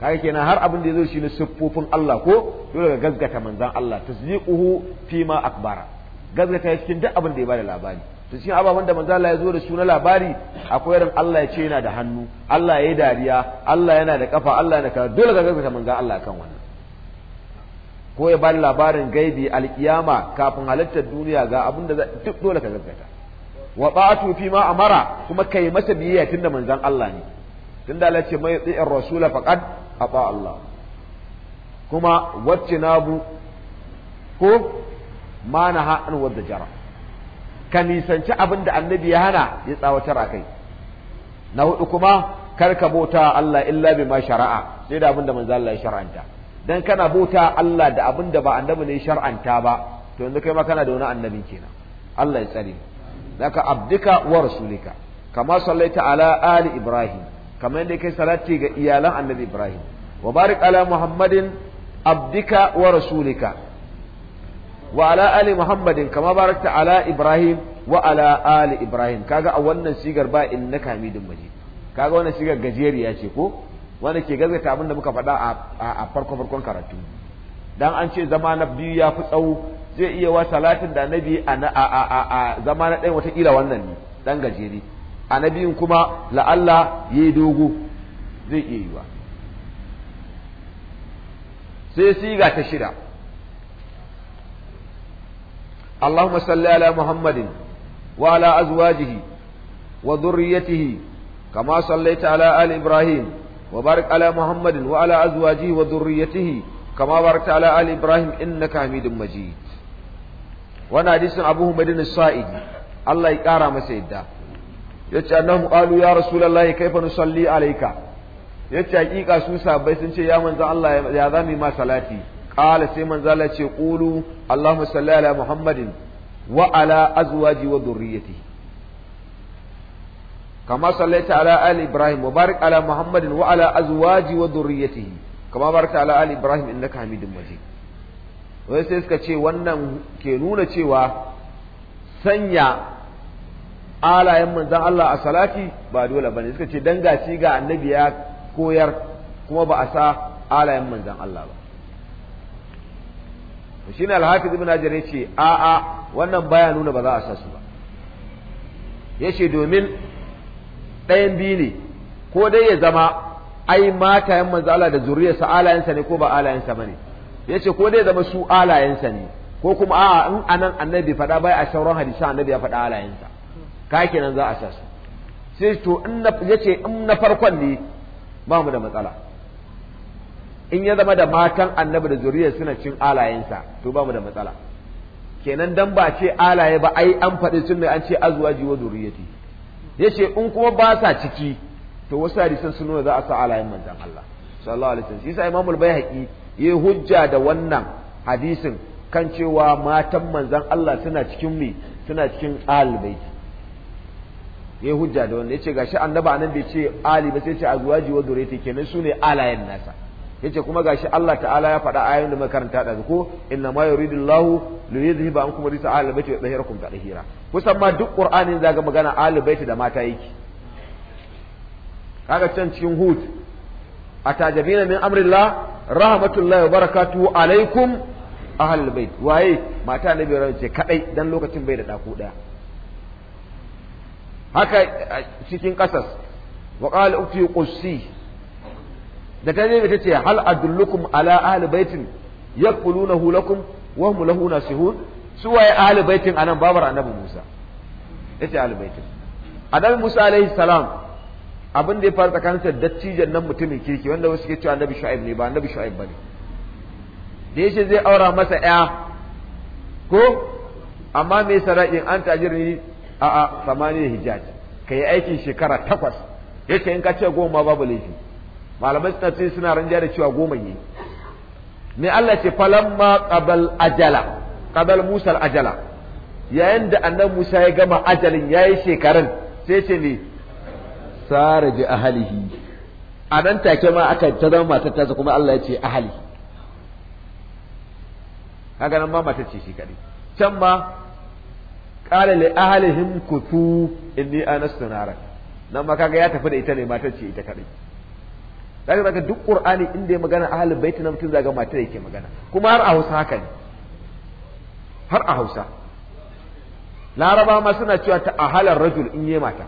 kaga kenan har abin da ya zo shi na siffofin Allah ko dole ga gazgata manzan Allah tasdiquhu fi ma akbara gazgata cikin duk abin da ya bada labari to cikin ababen da manzo Allah ya zo da su na labari akwai irin Allah ya ce yana da hannu Allah ya yi dariya Allah yana da kafa Allah yana kaza dole ka gaskata manzo Allah kan wannan ko ya bani labarin gaibi alkiyama kafin halittar duniya ga abin da duk dole ka gaskata wa ba'atu fi ma amara kuma kai masa biyayya tunda manzon Allah ne tunda Allah ce mai tsi'ir rasula faqad ata Allah kuma wacce nabu ko ma na an wadda jara ka nisanci abin da annabi ya hana ya tsawatar a kai na hudu kuma kar ka bauta Allah illa bima shara'a sai da abin da manzo Allah ya shar'anta dan kana bauta Allah da abin da ba annabi ne shar'anta ba to yanzu kai ma kana da wani annabin kenan Allah ya tsare ka abdika wa rasulika kama sallaita ala ali ibrahim kamar yadda kai salati ga iyalan annabi ibrahim wa barik ala muhammadin abdika wa rasulika wa ala ali muhammadin kama barakta ala ibrahim wa ala ali ibrahim kaga a wannan sigar ba innaka hamidun majid kaga wannan sigar gajeriya ce ko wanda ke gazgata abin da muka faɗa a farko farkon karatu dan an ce zama na biyu ya fi tsawo zai iya wa salatin da annabi a a zama na ɗaya watakila wannan ne dan gajeri a na biyun kuma la'alla ya yi dogo zai iya yi wa sai siga ta shida اللهم صل على محمد وعلى أزواجه وذريته كما صليت على آل إبراهيم وبارك على محمد وعلى أزواجه وذريته كما باركت على آل إبراهيم إنك حميد مجيد وانا حديث أبو حميد الصائدي الله يقارى مسيدا yace annahum qalu ya rasulullahi kaifa nusalli alayka yace hakika su sabai sun ce ya manzo Allah ya zami ma salati qala sai manzo Allah ce qulu Allahumma salli ala Muhammadin wa ala azwaji wa dhurriyyatihi kama sallaita ala ali Ibrahim wa barik ala Muhammadin wa ala azwaji wa dhurriyyatihi kama Barta ala ali Ibrahim innaka Hamidum Majid wai sai suka ce wannan ke nuna cewa sanya alayen manzan Allah a salati ba dole bane suka ce dan gaci ga annabi ya koyar kuma ba a sa alayen manzan Allah ba shine al-hafiz ibn hajar ce a a wannan baya nuna ba za a sa su ba yace domin ɗayan biyu ne ko dai ya zama ai mata yan manzo Allah da zuriyarsa alayensa ne ko ba alayensa bane ce ko dai zama su alayensa ne ko kuma a in anan annabi faɗa bai a shauran hadisi annabi ya faɗa alayensa ka kenan za a sa su sai to in yace in na farkon ne ba mu da matsala in ya zama da matan annabi da zuriyar suna cin alayensa to ba mu da matsala kenan dan ba ce alaye ba ai an faɗi sunna an ce azwaji wa zuriyati yace in kuma ba sa ciki to wasu hadisan sun nuna za a sa alayen manzan Allah sallallahu alaihi wasallam yasa Imam al-Baihaqi Ya hujja da wannan hadisin kan cewa matan manzan Allah suna cikin mi suna cikin albayt Ya hujja da wannan yace gashi annabi nan bai ce ali ba sai ce azwaji wa zuriyati kenan sune alayen nasa yace kuma gashi Allah ta'ala ya faɗa ayoyin da muka karanta da ko inna ma Allahu li yuzhiba ankum risa ahli baiti wa yahirakum tadhira kusan ma duk qur'anin zaga magana ahli baiti da mata yake kaga can cikin hud atajabina min amrillah rahmatullahi wa barakatuhu alaikum ahlul bait waye mata nabi ran ce kadai dan lokacin bai da daku daya haka cikin kasas wa qala ukti qussi da ta ne ta ce hal adullukum ala ahli baitin yaqulunahu lakum wa hum lahu nasihun su waye ahli baitin anan babar annabi Musa yace ahli baitin annabi Musa alaihi salam abin da ya fara tsakanin da dattijan nan mutumin kirki wanda wasu ke cewa annabi Shu'aib ne ba annabi Shu'aib bane da yace zai aura masa ƴa ko amma me sarakin an tajirni a a samani hijaj kai aikin shekara takwas yace in ka ce goma babu laifi malamai suna ce suna ranja da cewa goma ne ne Allah ce falamma qabal ajala qabal Musa ajala yayin da annabi Musa ya gama ajalin yayi shekarun sai ce ne sara bi ahlihi a nan take ma aka ta zama matar ta kuma Allah ya ce ahli kaga nan ma matar ce shi kadai can ma qala li ahlihim kutu inni anastu narak nan ma kaga ya tafi da ita ne matar ce ita kadai zaka zaka duk qur'ani inda ya magana ahlul bait na mutum zaka mata yake magana kuma har a Hausa haka ne har a Hausa Laraba ma suna cewa ta ahlar rajul in yi mata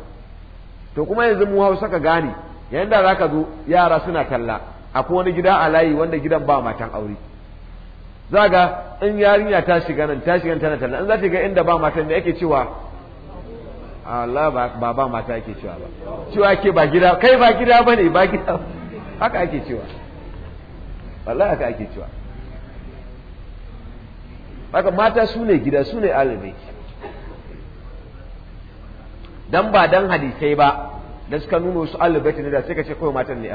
to kuma yanzu mu Hausa ka gane yayin da zaka zo yara suna talla akwai wani gida a layi wanda gidan ba matan aure zaga in yarinya ta shiga nan ta shiga tana talla in za ta ga inda ba matan me yake cewa Allah ba ba mata yake cewa ba cewa ke ba gida kai ba gida bane ba gida haka ake cewa wallahi haka ake cewa haka mata su ne gida su ne alibi dan ba dan hadisai ba da suka nuna wasu alibi ne da sai ka ce kawai matan ne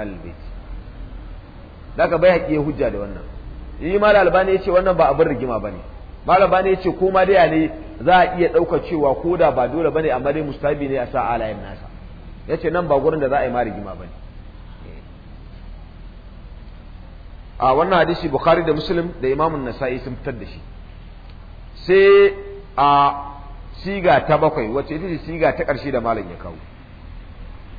da ka bai haƙi hujja da wannan yi mal albani yace wannan ba abin rigima bane mal albani yace ko ma da ne za a iya ɗauka cewa ko da ba dole bane amma dai mustabi ne a sa alayin nasa yace nan ba gurin da za a yi ma rigima bane a wannan hadisi bukhari da muslim da imamun nasa'i sun fitar da shi sai a siga ta bakwai wacce ita ce siga ta ƙarshe da malam ya kawo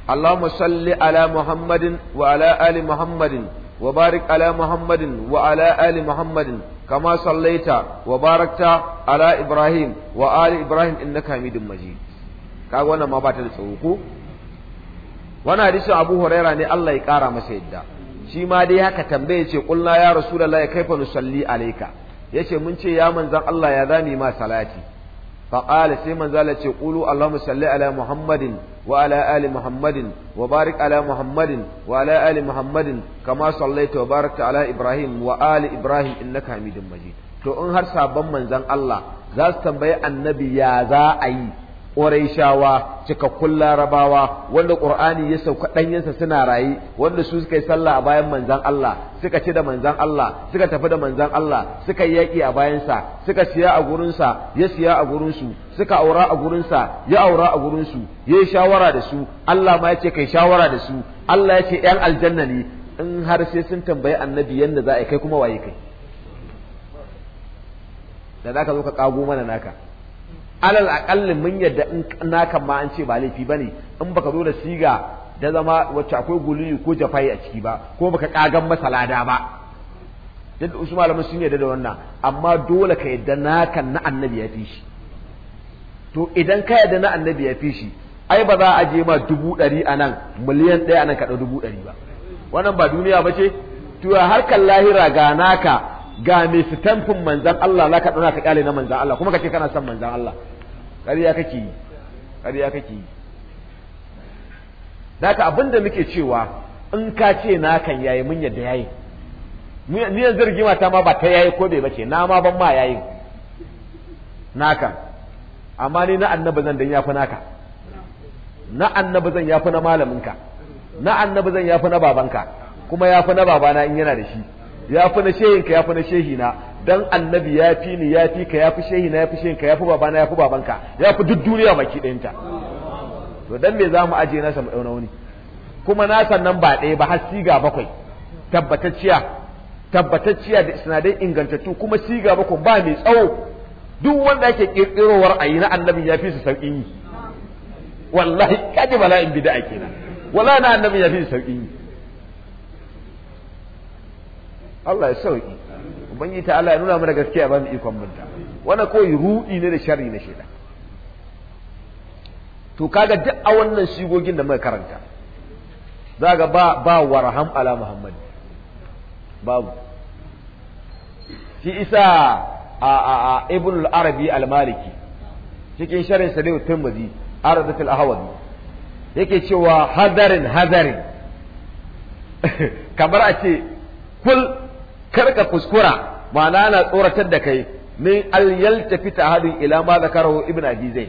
Allahumma salli ala Muhammadin wa ala ali Muhammadin wa barik ala Muhammadin wa ala ali Muhammadin kama sallaita wa barakta ala Ibrahim wa ali Ibrahim innaka Hamidum Majid kaga wannan ma ba ta da tsoro ko wannan hadisin Abu Huraira ne Allah ya kara masa yadda shi ma dai haka tambaye ce kulna ya rasulullahi kaifa nusalli alayka yace mun ce ya manzon Allah ya zani ma salati fa qala sai manzo Allah ce qulu allahumma salli ala muhammadin wa ala ali muhammadin wa barik ala muhammadin wa ala ali muhammadin kama sallaita wa barakta ala ibrahim wa ali ibrahim innaka hamidum majid to in har sabon manzon Allah za su tambayi annabi ya za a yi ƙoraishawa cikakkun Larabawa wanda ƙur'ani ya sauka ɗanyensa suna rayi wanda su suka yi sallah a bayan manzan Allah suka ci da manzan Allah suka tafi da manzan Allah suka yi yaƙi a bayansa suka siya a gurinsa ya siya a gurinsu suka aura a gurinsa ya aura a gurinsu ya yi shawara da su Allah ma ya ce kai shawara da su Allah ya ce ‘yan aljanna ne in har sai sun tambayi annabi yadda za a kai kuma waye kai da za ka zo ka ƙago mana naka alal aƙalli mun yadda in na kan ma an ce ba laifi ba ne in baka zo da siga da zama wacce akwai gululi ko jafayi a ciki ba ko baka ƙagan masa lada ba duk da usman malamin sun yadda da wannan amma dole ka yadda naka na annabi ya fi shi to idan ka yadda na annabi ya fi shi ai ba za a je ma dubu ɗari a nan miliyan ɗaya a nan ka dubu ɗari ba wannan ba duniya ba ce to harkar lahira ga naka ga mai sitamfin manzan Allah na ka ɗana ka ƙyale na manzan Allah kuma ka kana son manzan Allah ƙarya kake yi ƙarya kake yi daga abin da muke cewa in ka ce na kan yayi mun yadda yayi ni yanzu rigima ta ma ba ta yayi ko bai bace na ma ban ma yayi naka amma ni na annabi zan dan yafi naka na annabi zan yafi na malaminka na annabi zan yafi na babanka kuma yafi na babana in yana da shi yafi na shehinka yafi na shehina dan annabi ya fi ni ya fi ka ya fi shehi na ya fi shehin ka ya fi babana ya fi babanka ya fi duk duniya baki ɗayanta to dan me za mu aje nasa mu ɗauna wani kuma nasan nan ba ɗaya ba har siga bakwai tabbatacciya tabbatacciya da sinadai ingantattu kuma siga bakwai ba mai tsawo duk wanda yake kirkirowar ayi na annabi ya fi su sauƙin yi wallahi kaji bala'in bid'a kenan wallahi na annabi ya fi su sauƙin yi Allah ya sauƙi ubangiji ta Allah ya nuna mana gaskiya ba mu ikon manta wannan koyi ruɗi ne da sharri na shaidan to kaga duk a wannan shigogin da muka karanta za ga ba ba warham ala muhammad babu shi isa a a a ibn al-arabi al-maliki cikin sharhin dai tirmidhi aradat al-ahwadi yake cewa hadarin hadarin [laughs] kamar a ce kul karka kuskura ma'ana na tsoratar da kai min al ta hadin ila ma zakarahu ibnu Abizai.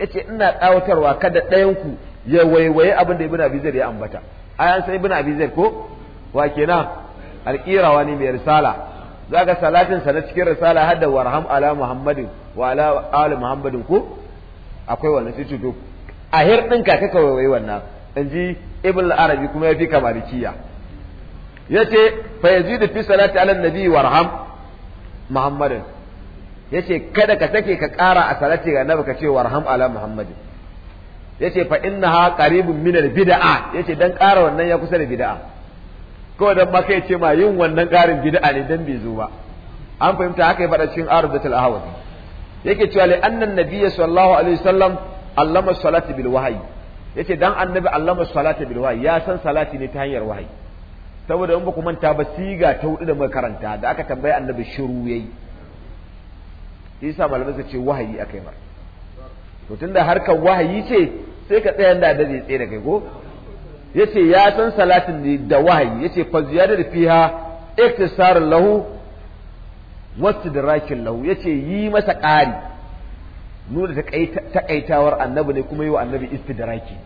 yace ina tsawatarwa kada ɗayan ku ya waiwaye abin da ibnu Abizai ya ambata ayan sai ibn Abizai ko wa kenan alƙirawa ne mai risala za salatin salatinsa na cikin risala hadda warham ala muhammadin wa ala ali muhammadin ko akwai wannan sai a hir kaka waiwaye wannan inji ji arabi kuma ya fi kamarikiya yace fa yazidu fi salati ala nabi warham muhammadin yace kada ka take ka kara a salati ga annabi ka ce warham ala muhammadin yace fa innaha qaribun min al bid'a yace dan kara wannan ya kusa da bid'a kawai dan ba kai ce ma yin wannan ƙarin bid'a ne dan bai zo ba an fahimta haka ya faɗa cikin arubatul ahwadi yake cewa li annan nabiyyi sallallahu alaihi wasallam allama salati bil wahyi yace dan annabi allama salati bil wahyi ya san salati ne ta hanyar wahyi saboda in ba ku manta ba siga ta hudu da makaranta da aka tambaya annabi shiru yayi yasa malamai suka ce wahayi akai mar to tunda harkar wahayi ce sai ka tsaya da da tsaye da kai ko yace ya san salatin ne da wahayi yace fa ziyadatu fiha iktisar lahu wastidrakin lahu yace yi masa ƙari nuna takaitawar annabi ne kuma yi wa annabi istidraki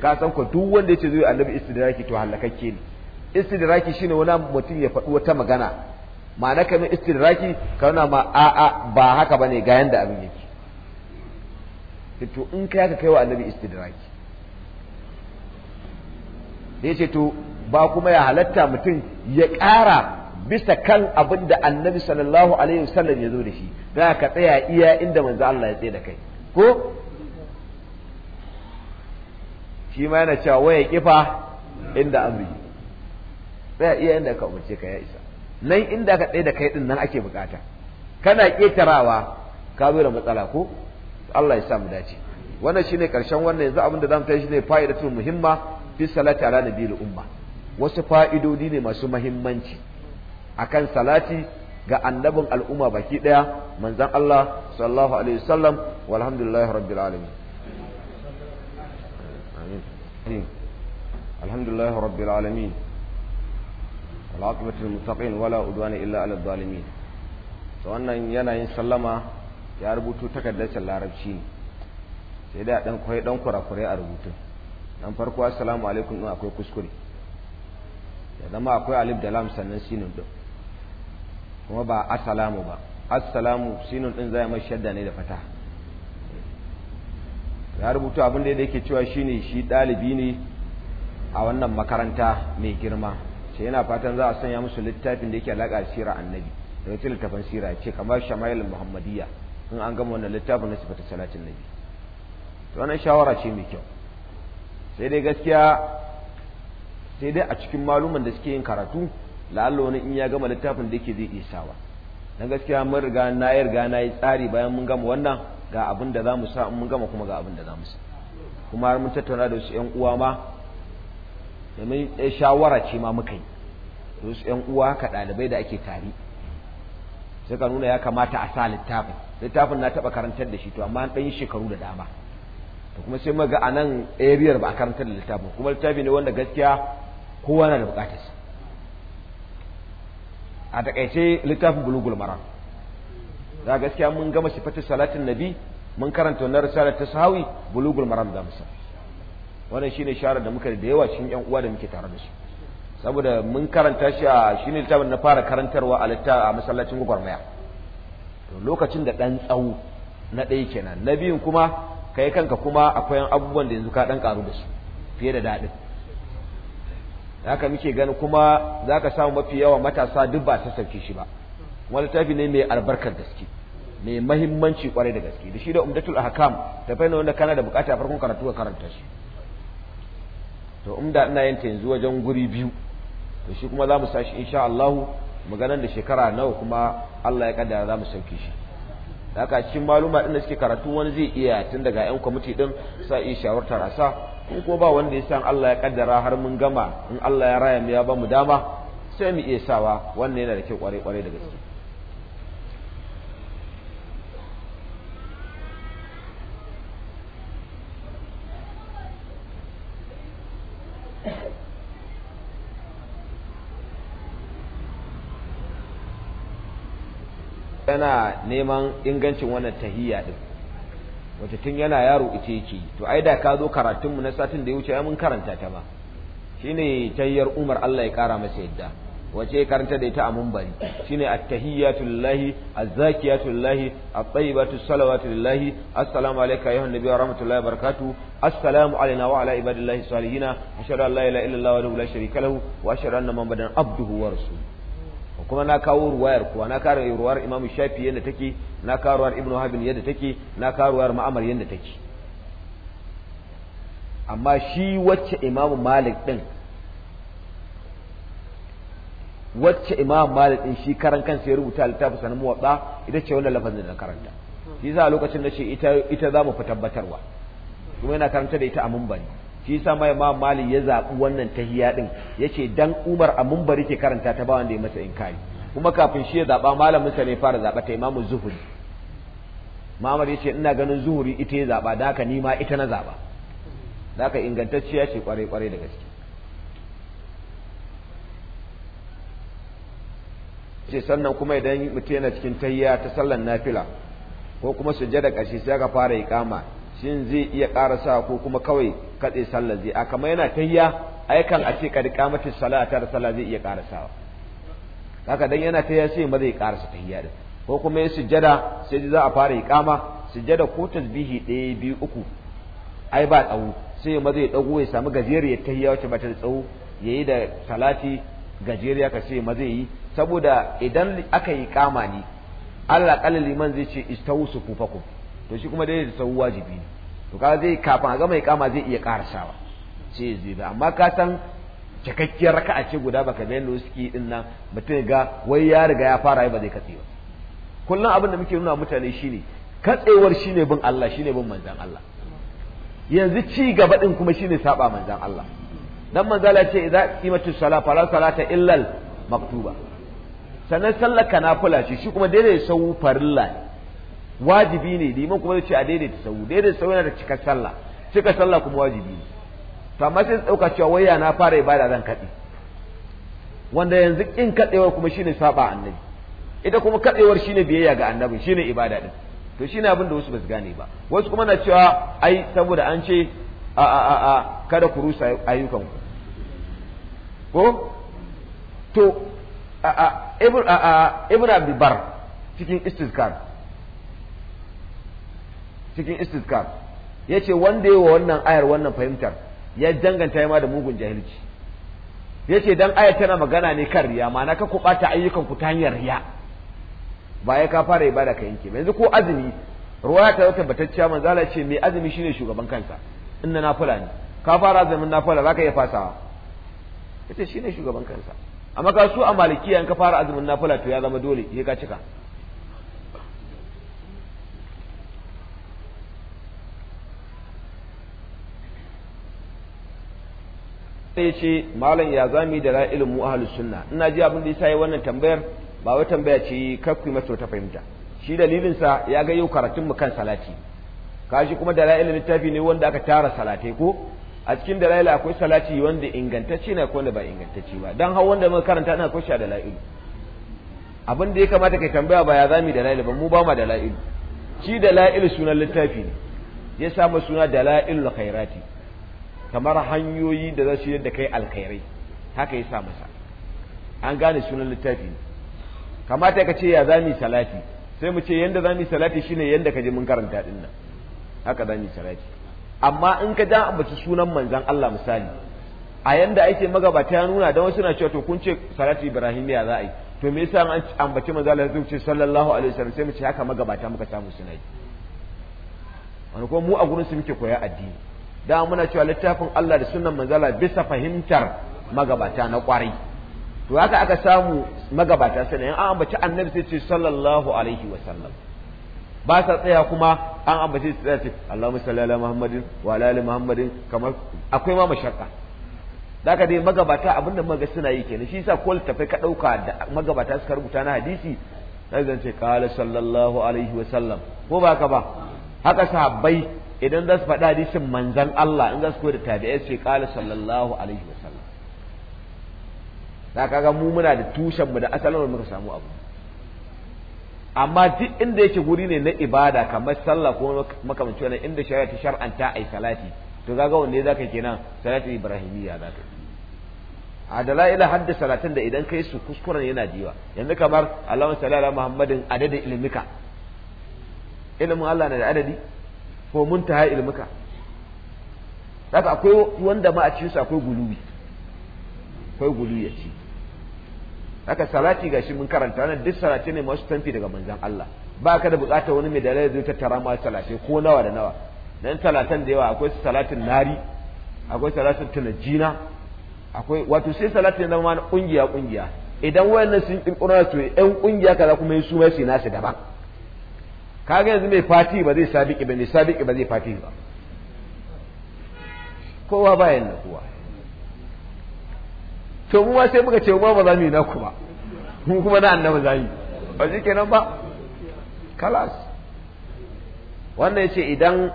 ka san ko duk wanda yace zai annabi istidraki to halakakke ne istidraki shine wani mutum ya faɗi wata magana ma'ana kamar istidraki ka nuna ma a'a ba haka bane ga yanda abin yake to in kai ka kai wa annabi istidraki da ce to ba kuma ya halatta mutum ya ƙara bisa kan abin da annabi sallallahu alaihi wasallam ya zo da shi da ka tsaya iya inda manzo Allah ya tsaye da kai ko shi ma yana cewa waya kifa inda amri sai iya inda ka umarce ka ya isa nan inda ka tsaye da kai din nan ake bukata kana ketarawa ka zo da matsala ko Allah ya sa mu dace wannan shine karshen wannan yanzu abin da zamu tayi shine fa'idatu muhimma fi salati ala nabiyil umma wasu fa'idodi ne masu muhimmanci akan salati ga annabin al'umma baki daya manzon Allah sallallahu alaihi wasallam walhamdulillahi rabbil alamin amin alhamdulillahi rabbil alamin والعاقبة للمتقين wala عدوان illa ala الظالمين to wannan yanayin sallama ya rubutu takardar larabci ne sai da dan koyi dan kurakurai a rubutun dan farko assalamu alaikum din akwai kuskure ya zama akwai alif da lam sannan sinin din kuma ba assalamu ba assalamu sinin din zai mai shadda ne da fata ya rubutu abin da yake cewa shine shi dalibi ne a wannan makaranta mai girma ce yana fatan za a sanya musu littafin da yake alaƙa da sirar annabi da cikin littafin sira ce kamar shama'il muhammadiyya in an gama wannan littafin na sifata salatin nabi to wannan shawara ce mai kyau sai dai gaskiya sai dai a cikin maluman da suke yin karatu la'alla wani in ya gama littafin da yake zai iya sawa dan gaskiya mun riga na yi riga na yi tsari bayan mun gama wannan ga abin da za mu sa mun gama kuma ga abin da za mu sa kuma har mun tattauna da wasu 'yan uwa ma domin eh, shawara ce ma muka yi to su yan uwa ka ɗalibai da ake tari suka nuna ya kamata a sa littafin littafin na taɓa karantar da shi to amma an yi shekaru da dama to kuma sai ga a nan ariyar ba a karantar da littafin kuma littafi ne wanda gaskiya kowa na da sa a takaice littafin bulugul mara za gaskiya mun gama sifatin salatin nabi mun karanta wannan risalar ta sahawi bulugul maram da musa wannan shine sharar da muka da yawa cikin yan uwa da muke tare da su saboda mun karanta shi a shine littafin na fara karantarwa a litta a masallacin gwagwarmaya to lokacin da dan tsawo na ɗaya kenan na biyun kuma kai kanka kuma akwai abubuwan da yanzu ka dan karu da su fiye da daɗin haka muke gani kuma zaka samu mafi yawa matasa duk ba ta sauke shi ba wani littafi ne mai albarkar gaske mai mahimmanci kwarai da gaske da shi da umdatul ahkam tafai ne wanda kana da bukata farkon karatu ka karanta shi to inda ina yin ta yanzu wajen guri biyu to shi kuma za mu sashi insha Allah maganar da shekara nawa kuma Allah ya kaddara za mu sauke shi da haka cikin maluma din da suke karatu wani zai iya tun daga yan kwamiti din sa iya shawartar a sa in ko ba wanda ya san Allah ya kaddara har mun gama in Allah ya raya mu ya ba mu dama sai mu iya sawa wannan yana da kyau kware kware da gaske yana neman ingancin wannan tahiyya din wata tun yana yaro ita yake to ai da ka zo karatun mu na satin da ya wuce mun karanta ta ba shine tahiyyar Umar Allah ya kara masa yadda wace ya karanta da ita a munbari shine at-tahiyyatu lillahi az-zakiyatu lillahi at-tayyibatu salawatu lillahi assalamu alayka ayyuhan nabiyyu wa rahmatullahi wa barakatuh assalamu alayna wa ala ibadillahi salihina ashhadu an la ilaha illallah wa la sharika lahu wa ashhadu anna muhammadan abduhu wa rasuluhu kuma na kawo ruwayar kuwa na kawo ruwayar Imam Shafi yadda take na kawo ruwayar Ibn habin yadda take na kawo ruwayar Ma'amar yadda take amma shi wacce Imam Malik din wacce Imam Malik din shi karan kansa ya rubuta littafi sanin muwatta ita ce wannan lafazin da karanta shi yasa lokacin da ce ita ita mu fi tabbatarwa kuma yana karanta da ita a mumbai shi yasa mai ma mali ya zabi wannan tahiya din yace dan umar a munbari ke karanta ta ba wanda ya masa inkari kuma kafin shi ya zaba malamin sa ne fara zaba ta Imam zuhuri Muhammad yace ina ganin zuhuri ita ya zaba da haka ni ma ita na zaba da haka ingantacciya ce kwarai kwarai da gaske ce sannan kuma idan mutum yana cikin tahiya ta sallan nafila ko kuma sujjada kashi sai ka fara iqama shin zai iya karasa ko kuma kawai katse sallah zai a kamar yana tayya aikan a ce kad qamatis salata da sallah zai iya ƙarasawa haka dan yana tayya sai ma zai ƙarasa tayya din ko kuma ya sujjada sai za a fara iqama sujjada ko tasbihi ɗaya biyu uku ai ba tsawo sai ma zai dago ya samu gajeriyar tayya wacce ba ta da tsawo yayi da salati gajeriya ka sai ma zai yi saboda idan aka yi kama ni Allah kalli liman zai ce istawu sufufakum to shi kuma da sau wajibi ne to ka zai kafin a gama kama zai iya karasawa ce zai ba amma ka san cikakkiyar a ce guda baka ga yanda suke din nan mutum ga wai ya riga ya fara ba zai katse ba kullum abin da muke nuna mutane shine katsewar shine bin Allah shine bin manzan Allah yanzu ci gaba din kuma shine saba manzan Allah dan manzala ce idza qimatu sala fala salata illa maktuba sannan sallar kula ce shi kuma daidai sau farilla wajibi ne liman kuma zai ce a daidaita sau. daidaita sau yana da cikar sallah cikar sallah kuma wajibi ne to amma sai dauka cewa waya na fara ibada zan kaɗe wanda yanzu kin kaɗewar kuma shine saba annabi ita kuma kaɗewar shine biyayya ga annabi shine ibada din to shine abin da wasu ba su gane ba wasu kuma na cewa ai saboda an ce a a a kada ku rusa ayyukan ku ko to a a ibnu abdul bar cikin istizkar cikin ya yace wanda yi wa wannan ayar wannan fahimtar ya danganta ma da mugun jahilci yace dan ayar tana magana ne kan riya ma'ana ka ku ayyukan ku ta hanyar riya ba ya ka fara ba ka yanke yanzu ko azumi ya ta tabbatacciya manzo Allah ce mai azumi shine shugaban kansa na fula ne ka fara azumin za ka iya fasawa yace shine shugaban kansa amma ka su a malikiya in ka fara azumin fula to ya zama dole ya ka cika sai ce malam ya zami da ra'ilin mu ahlus sunna ina ji abin da yasa yi wannan tambayar ba wai tambaya ce kakku mata ta fahimta shi dalilin sa ya ga yau karatun mu kan salati kashi kuma dalailin littafi ne wanda aka tara salatai ko a cikin dalail akwai salati wanda ingantacce ne ko wanda ba ingantacce ba dan har wanda muka karanta ina akwai shi a abin da ya kamata kai tambaya ba ya zami dalail ba mu ba ma dalail shi dalail sunan littafi ne ya samu suna dalailul khairati kamar hanyoyi da za su yi da kai alkhairai haka ya sa masa an gane sunan littafi kamata ka ce ya za mu salati sai mu ce yanda za mu salati shine yanda ka je mun karanta din nan haka za mu salati amma in ka ja ambaci sunan manzon Allah misali a yanda ake magabata ya nuna dan wasu na cewa to kun ce salati ibrahimiya za a yi to me yasa an ambaci manzon Allah sai ce sallallahu alaihi wasallam sai mu ce haka magabata muka samu suna yi wani kuma mu a gurin su muke koya addini da muna cewa littafin Allah da sunan manzala bisa fahimtar magabata na kwarai to haka aka samu magabata suna yan an ambaci annabi sai ce sallallahu alaihi wa sallam ba sa tsaya kuma an ambaci su tsaya ce Allahumma salli ala Muhammadin wa ala ali Muhammadin kamar akwai ma Da ka dai magabata abinda muka suna yi kenan shi yasa ko littafai ka dauka da magabata suka rubuta na hadisi sai zan ce qala sallallahu alaihi wa sallam ko ba ka ba haka sahabbai idan za su faɗi hadisin manzan Allah in za su koyi da tabi'ai sai qala sallallahu alaihi wasallam da ga mu muna da tushenmu da asalin muka samu abu amma duk inda yake guri ne na ibada kamar sallah ko makamancin wannan inda shari'a ta shar'anta ai salati to kaga wanne zaka kenan salati ibrahimiyya zaka a da la hadda salatin da idan kai su kuskuren yana jiwa yanzu kamar Allahumma salli ala Muhammadin adadin ilmika ilimin Allah na da adadi ko muntaha ilmuka haka akwai wanda ma a cikin akwai gulubi akwai gulubi a ci haka salati gashi mun karanta nan duk salati ne masu tanfi daga manzon Allah ba ka da bukatar wani mai dalilai zai tattara ma salati ko nawa da nawa dan salatan da yawa akwai salatin nari akwai salatin tunajina akwai wato sai salati na ma kungiya kungiya idan wayannan sun kirkiro su yan kungiya kaza kuma su mai su nasu daban kaga yanzu mai fati ba zai sabiki ba ne sabiki ba zai fati ba kowa bayan na kowa to mu sai muka ce ba za mu yi na Kuma mu kuma na annabi za yi ba shi kenan ba kalas wannan yace idan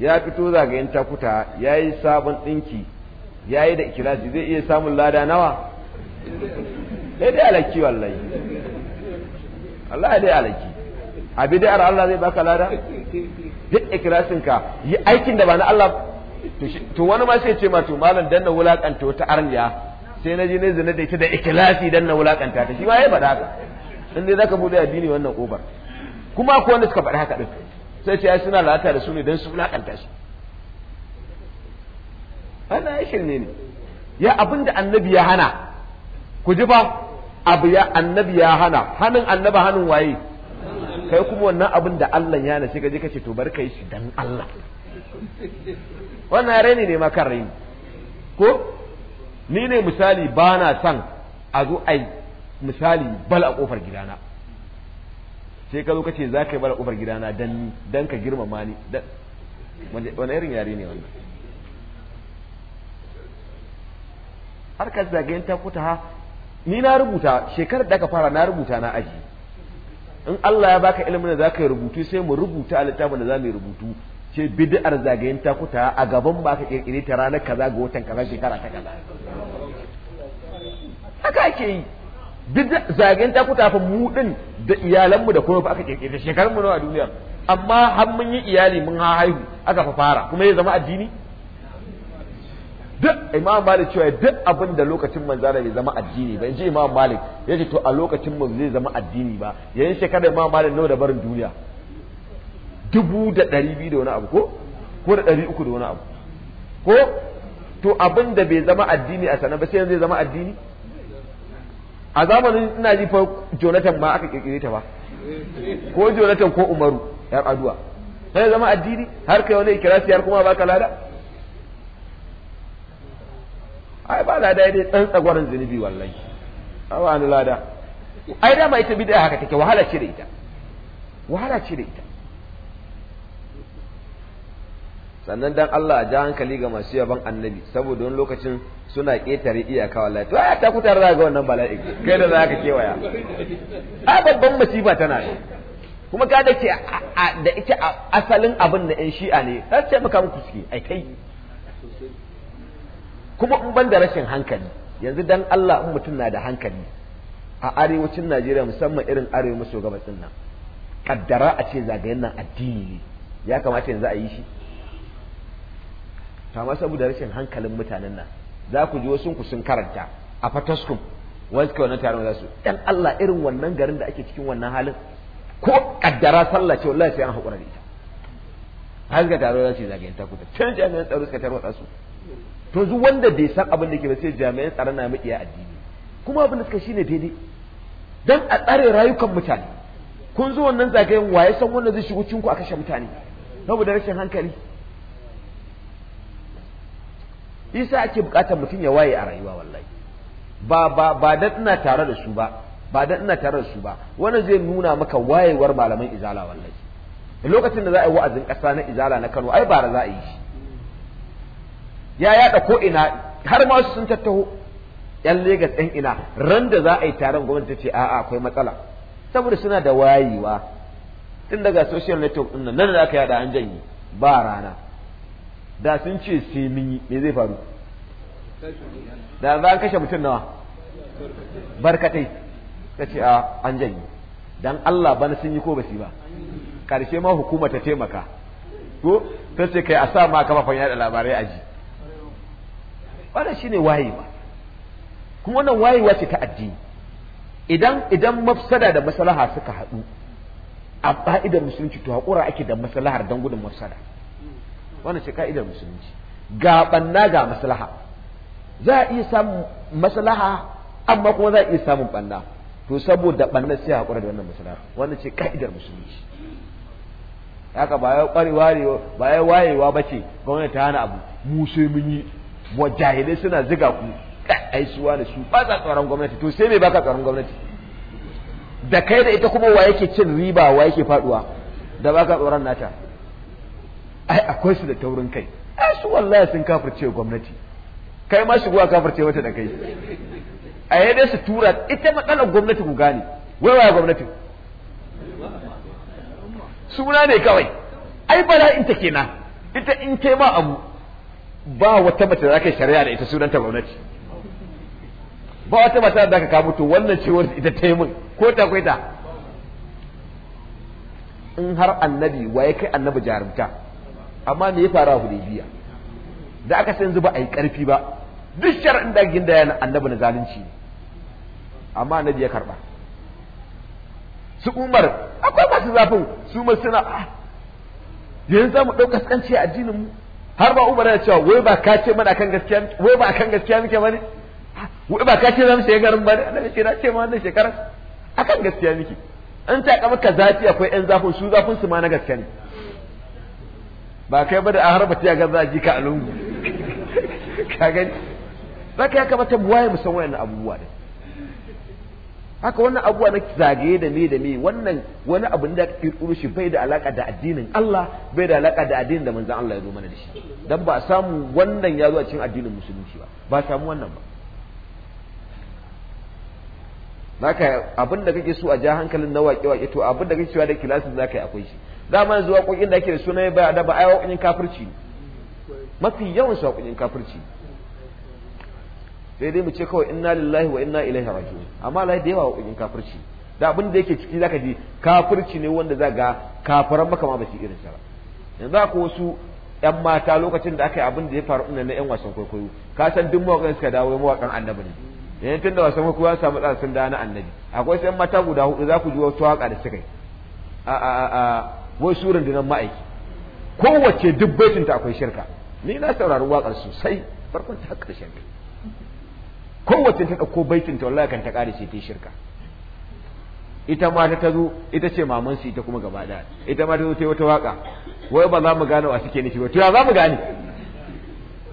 ya fito zagayen takuta ya yi sabon ɗinki ya yi da ikilasi zai iya samun lada nawa daidai alaki wallahi Allah dai alaki a bid'ar Allah zai baka lada duk ikhlasin ka yi aikin da ba na Allah to wani ma sai ce ma to malam dan na wulakanta wata arniya sai na je ne zina da ita da ikhlasi dan na wulakanta ta shi ma yayi faɗa haka in dai zaka bude addini wannan kofar kuma akwai wanda suka faɗa haka din sai ce ai suna lata da su ne dan su wulakanta shi. ana ya shirme ne ya abinda annabi ya hana ku ji ba abu ya annabi ya hana hanin annaba hanin waye kai kuma wannan abin da Allah ya nace ka je ka ce to bari kai shi dan Allah wannan raini ne ma kan raini ko ni ne misali ba na son a zo ai misali bal a kofar gidana sai ka zo ka ce za ka yi bal a kofar gidana dan dan ka girmama ni wani irin yare ne wannan harkar zagayen ta kuta ha ni na rubuta shekarar da aka fara na rubuta na aji in Allah ya baka ilimin da ka yi rubutu sai mu rubuta a littafin da za mu yi rubutu ce bid'ar zagayen takuta a gaban ba ka kirkire ta ranar kaza ga watan kaza shekara ta kaza haka ake yi bid'a zagayen takuta fa mu din da iyalanmu da kuma fa aka kirkire shekarun mu nawa a duniya amma har mun yi iyali mun ha haihu aka fa fara kuma ya zama addini duk imam malik cewa duk abin da lokacin manzana bai zama addini ba ji imam malik ya ce to a lokacin mu zai zama addini ba yayin shekarar imam malik nawa da barin duniya dubu da ɗari biyu da wani abu ko ko da ɗari uku da wani abu ko to abin da bai zama addini a sanar ba sai yanzu zai zama addini a zamanin ina ji fa jonathan ma aka kirkire ta ba ko jonathan ko umaru yar aduwa sai zama addini har kai wani ikirasi har kuma baka lada ai ba lada dai dan tsagwarin zunubi wallahi ai ba lada ai mai ta bid'a haka take wahala ce da ita wahala ce da ita sannan dan Allah a ja hankali ga masu yaban annabi saboda wani lokacin suna ƙetare iyaka wallahi to ai ta kutar za ga wannan bala'i kai da za ka kewaya a babban masifa tana ne kuma ka da ke da ita asalin abin da yan shi'a ne za su maka muku suke ai kai kuma in ban da rashin hankali yanzu dan Allah in mutum na da hankali a arewacin Najeriya musamman irin arewa maso gabasin nan kaddara a ce zagayen nan addini ne ya kamata yanzu a yi shi to amma saboda rashin hankalin mutanen nan za ku ji wasu sun karanta a fataskum wasu ke wannan taron za su dan Allah irin wannan garin da ake cikin wannan halin ko kaddara sallah ce wallahi sai an haƙura da ita har ga taro za su zagayen takuta can jami'an tsaro suka tarwatsa su to zu wanda bai san abin da ke sai jami'an tsaron na maƙiya addini kuma abin da suka shine daidai dan a tsare rayukan mutane kun zo wannan zagayen waye san wanda zai shigo cinku a kashe mutane saboda rashin hankali isa ake bukatar mutum ya waye a rayuwa wallahi ba ba ba dan ina tare da su ba ba dan ina tare da su ba wannan zai nuna maka wayewar malaman izala wallahi lokacin da za a yi wa'azin ƙasa na izala na Kano ai bara za a yi shi ya yaɗa ko ina har ma sun tattaho yan Legas ɗan ina ran da za a yi taron gwamnati ce a'a akwai matsala saboda suna da wayewa tun daga social network ɗin nan da aka yada an janye ba rana da sun ce sai mun yi me zai faru da za an kashe mutum nawa barkatai ta ce a an janye dan Allah bana sun yi ko ba ba karshe ma hukuma ta taimaka ko ta ce kai a sa ma kafafen yada labarai a ji wannan shine wayewa kuma wannan wayewa ce ta addini idan idan mafsada da maslaha suka haɗu a fa'idar musulunci to haƙura ake da maslahar don gudun mafsada wannan ce ka'idar musulunci ga banna ga maslaha za a iya samun maslaha amma kuma za a iya samun banna to saboda banna sai haƙura da wannan maslaha wannan ce ka'idar musulunci haka ba ya ƙwarewa ba ya wayewa ba ce gwamnati ta hana abu mu sai mun yi wa jahilai suna ziga ku eh, ai suwa da su ba sa tsaron gwamnati to sai me baka tsaron gwamnati da kai da ita kuma wa yake cin riba wa yake faduwa da baka tsoron nata ai akwai su da taurin kai ai su wallahi sun kafirce gwamnati kai ma shigowa kafirce wata da kai a yadda su tura ita matsalar gwamnati ku gane wai waya gwamnati suna ne kawai ai bala'in ta kenan ita in kai ma abu ba wata mace da zaka shari'a da ita sunanta gwamnati ba wata mata da zaka ka mutu wannan ciwon ita ta yi mun ko ta kwaita in har annabi wa ya kai annabi jarumta amma me ya fara hudaybiya da aka san zuba a yi karfi ba duk shar'in da ginda yana annabi na zalunci ne amma annabi ya karba su umar akwai masu zafin su ma suna ah, yanzu za mu ɗauka tsanci a addinin mu har ba umar ya cewa wai ba ka ce mana akan gaskiya wai ba akan gaskiya muke bane wai ba ka ce za mu shiga garin bane annabi ce na ce ma wannan shekarar akan gaskiya muke an ta kama ka zafi akwai yan zafin su zafin su ma na gaskiya ne ba kai ba da a harba ta ga za a ji ka a lungu [laughs] ka gani zaka ya kamata mu waye mu san wayannan abubuwa ne haka wannan abubuwa na zagaye da me da me wannan wani abu da aka kirkiro shi bai da alaka da addinin Allah bai da alaka da addinin da manzon Allah ya zo mana da shi dan ba samu wannan ya zo a cikin addinin musulunci ba ba samu wannan ba naka abin da kake so a ja hankalin na waƙe waƙe to abin da kake cewa da kilasin zaka yi akwai shi man zuwa kokin da ake da sunan ba da ba ai waƙin kafirci mafi yawan su waƙin kafirci sai dai mu ce kawai inna lillahi wa inna ilaihi raji'un amma lai da yawa hukumin kafirci da abin da yake ciki zaka ji kafirci ne wanda zaka ga kafiran maka ma ba su irin sa yanzu akwai wasu yan mata lokacin da aka yi abin da ya faru na yan wasan kwaikwayo ka san duk mawakan suka dawo mawakan annabi ne yanzu da wasan kwaikwayo ya samu tsara sun na annabi akwai sai mata guda hudu za ku ji wata waka da suka yi a a a wai surin dinan ma'aiki kowace duk ta akwai shirka ni na saurari waƙar sosai farkon ta ƙarshen kowace ta ɗauko baitin ta wallahi kan ta ƙare ce ta shirka ita ma ta tazo ita ce maman su ita kuma gaba daya ita ma ta zo ta yi wata waka wai ba za mu gane wa suke nufi ba to ya za mu gane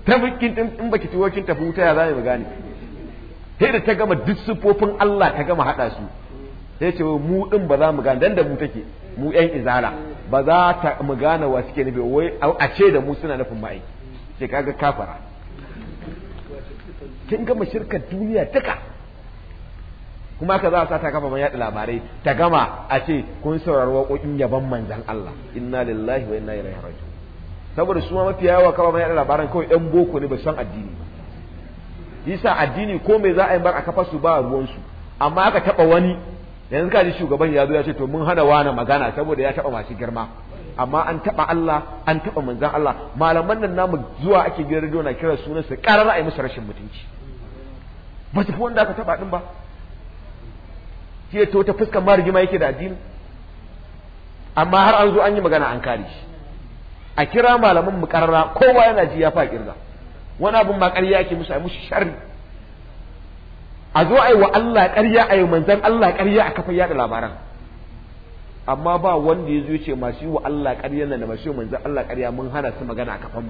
ta fikin in baki tuwo kin tafi wuta ya za mu gane sai da ta gama duk sufofin Allah ta gama haɗa su sai ce mu din ba za mu gane dan da mu take mu yan izara ba za ta mu gane wa suke nufi wai a ce da mu suna nufin ma'aiki sai kaga kafara kin gama shirkar duniya duka kuma ka za a sa ta kafa yaɗa labarai ta gama a ce kun saurari waƙoƙin yaban manzan Allah inna lillahi wa inna ilaihi raji'un saboda su ma mafi yawa kafa mai yaɗa labaran kawai ɗan boko ne ba san addini ba yasa addini ko me za a yi bar a kafa su ba ruwansu amma aka taɓa wani yanzu ka ji shugaban ya zo ya ce to mun hana wani magana saboda ya taɓa masu girma amma an taba Allah an taba manzan Allah malaman nan namu zuwa ake gidan rediyo na kira sunan su karar ai musu rashin mutunci ba su fi wanda aka taba din ba ke to ta fuskar ma yake da addini amma har an zo an yi magana an kare shi a kira malaman mu karara kowa yana ji ya fa kirga wani abun ba ƙarya ake musu ai musu sharri a zo ai wa Allah ƙarya ai manzan Allah ƙarya a kafin yaɗa labaran amma ba wanda ya zuce ya masu yi wa Allah ƙarya nan da masu yi manzan Allah ƙarya mun hana su magana a kafan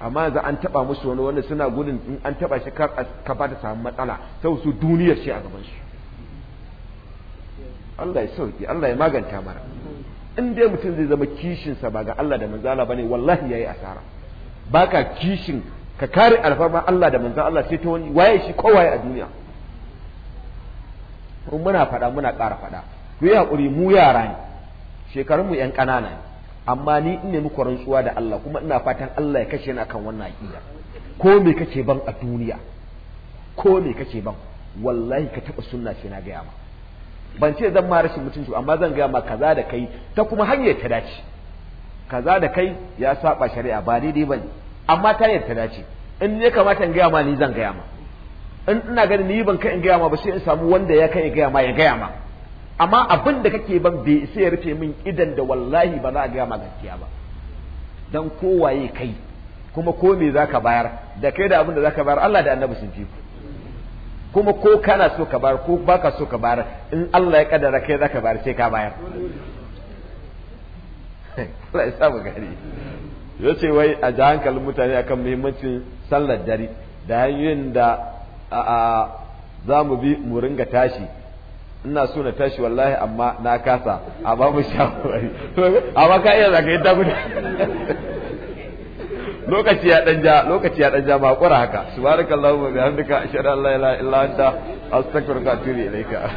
amma yanzu an taɓa musu wani wanda suna gudun in an taɓa shi kar ka ba ta samu matsala sau su duniyar ce a gaban su Allah ya sauki Allah ya maganta mara in dai mutum zai zama kishinsa ba ga Allah da manzala ne wallahi ya yi asara ka kishin ka kare alfarma Allah da manzan Allah sai ta wani waye shi kowaye a duniya in muna faɗa muna ƙara faɗa ku yi haƙuri mu yara ne shekarun mu yan ƙanana ne amma ni in ne muku rantsuwa da Allah kuma ina fatan Allah ya kashe ni akan wannan aƙida ko me ce ban a duniya ko me ce ban wallahi ka taɓa sunna sai na gaya ma ban ce zan ma rashin mutunci amma zan gaya ma kaza da kai ta kuma hanyar ta dace kaza da kai ya saba shari'a ba daidai bane amma ta yi ta dace in ne kamata in gaya ma ni zan gaya ma in ina ganin ni ban kai in gaya ma ba sai in samu wanda ya kai in gaya ma ya gaya ma amma abin da kake ban bai isa ya rufe min idan da wallahi ba za a gaya gaskiya ba dan kowaye kai kuma ko me zaka bayar da kai da abin da zaka bayar Allah da Annabi sun fi kuma ko kana so ka bayar ko baka so ka bayar in Allah ya kaddara kai zaka bayar sai ka bayar [laughs] Allah ya samu gari yace wai a ji hankalin mutane akan muhimmancin sallar dare da hanyoyin da za mu bi mu ringa tashi ina so na tashi wallahi amma na kasa a ba mu shawari amma ka iya zaka yadda guda lokaci ya dan ja lokaci ya dan ja ba kura haka subhanakallahumma wa bihamdika ashhadu an la ilaha illa anta astaghfiruka wa atubu ilaika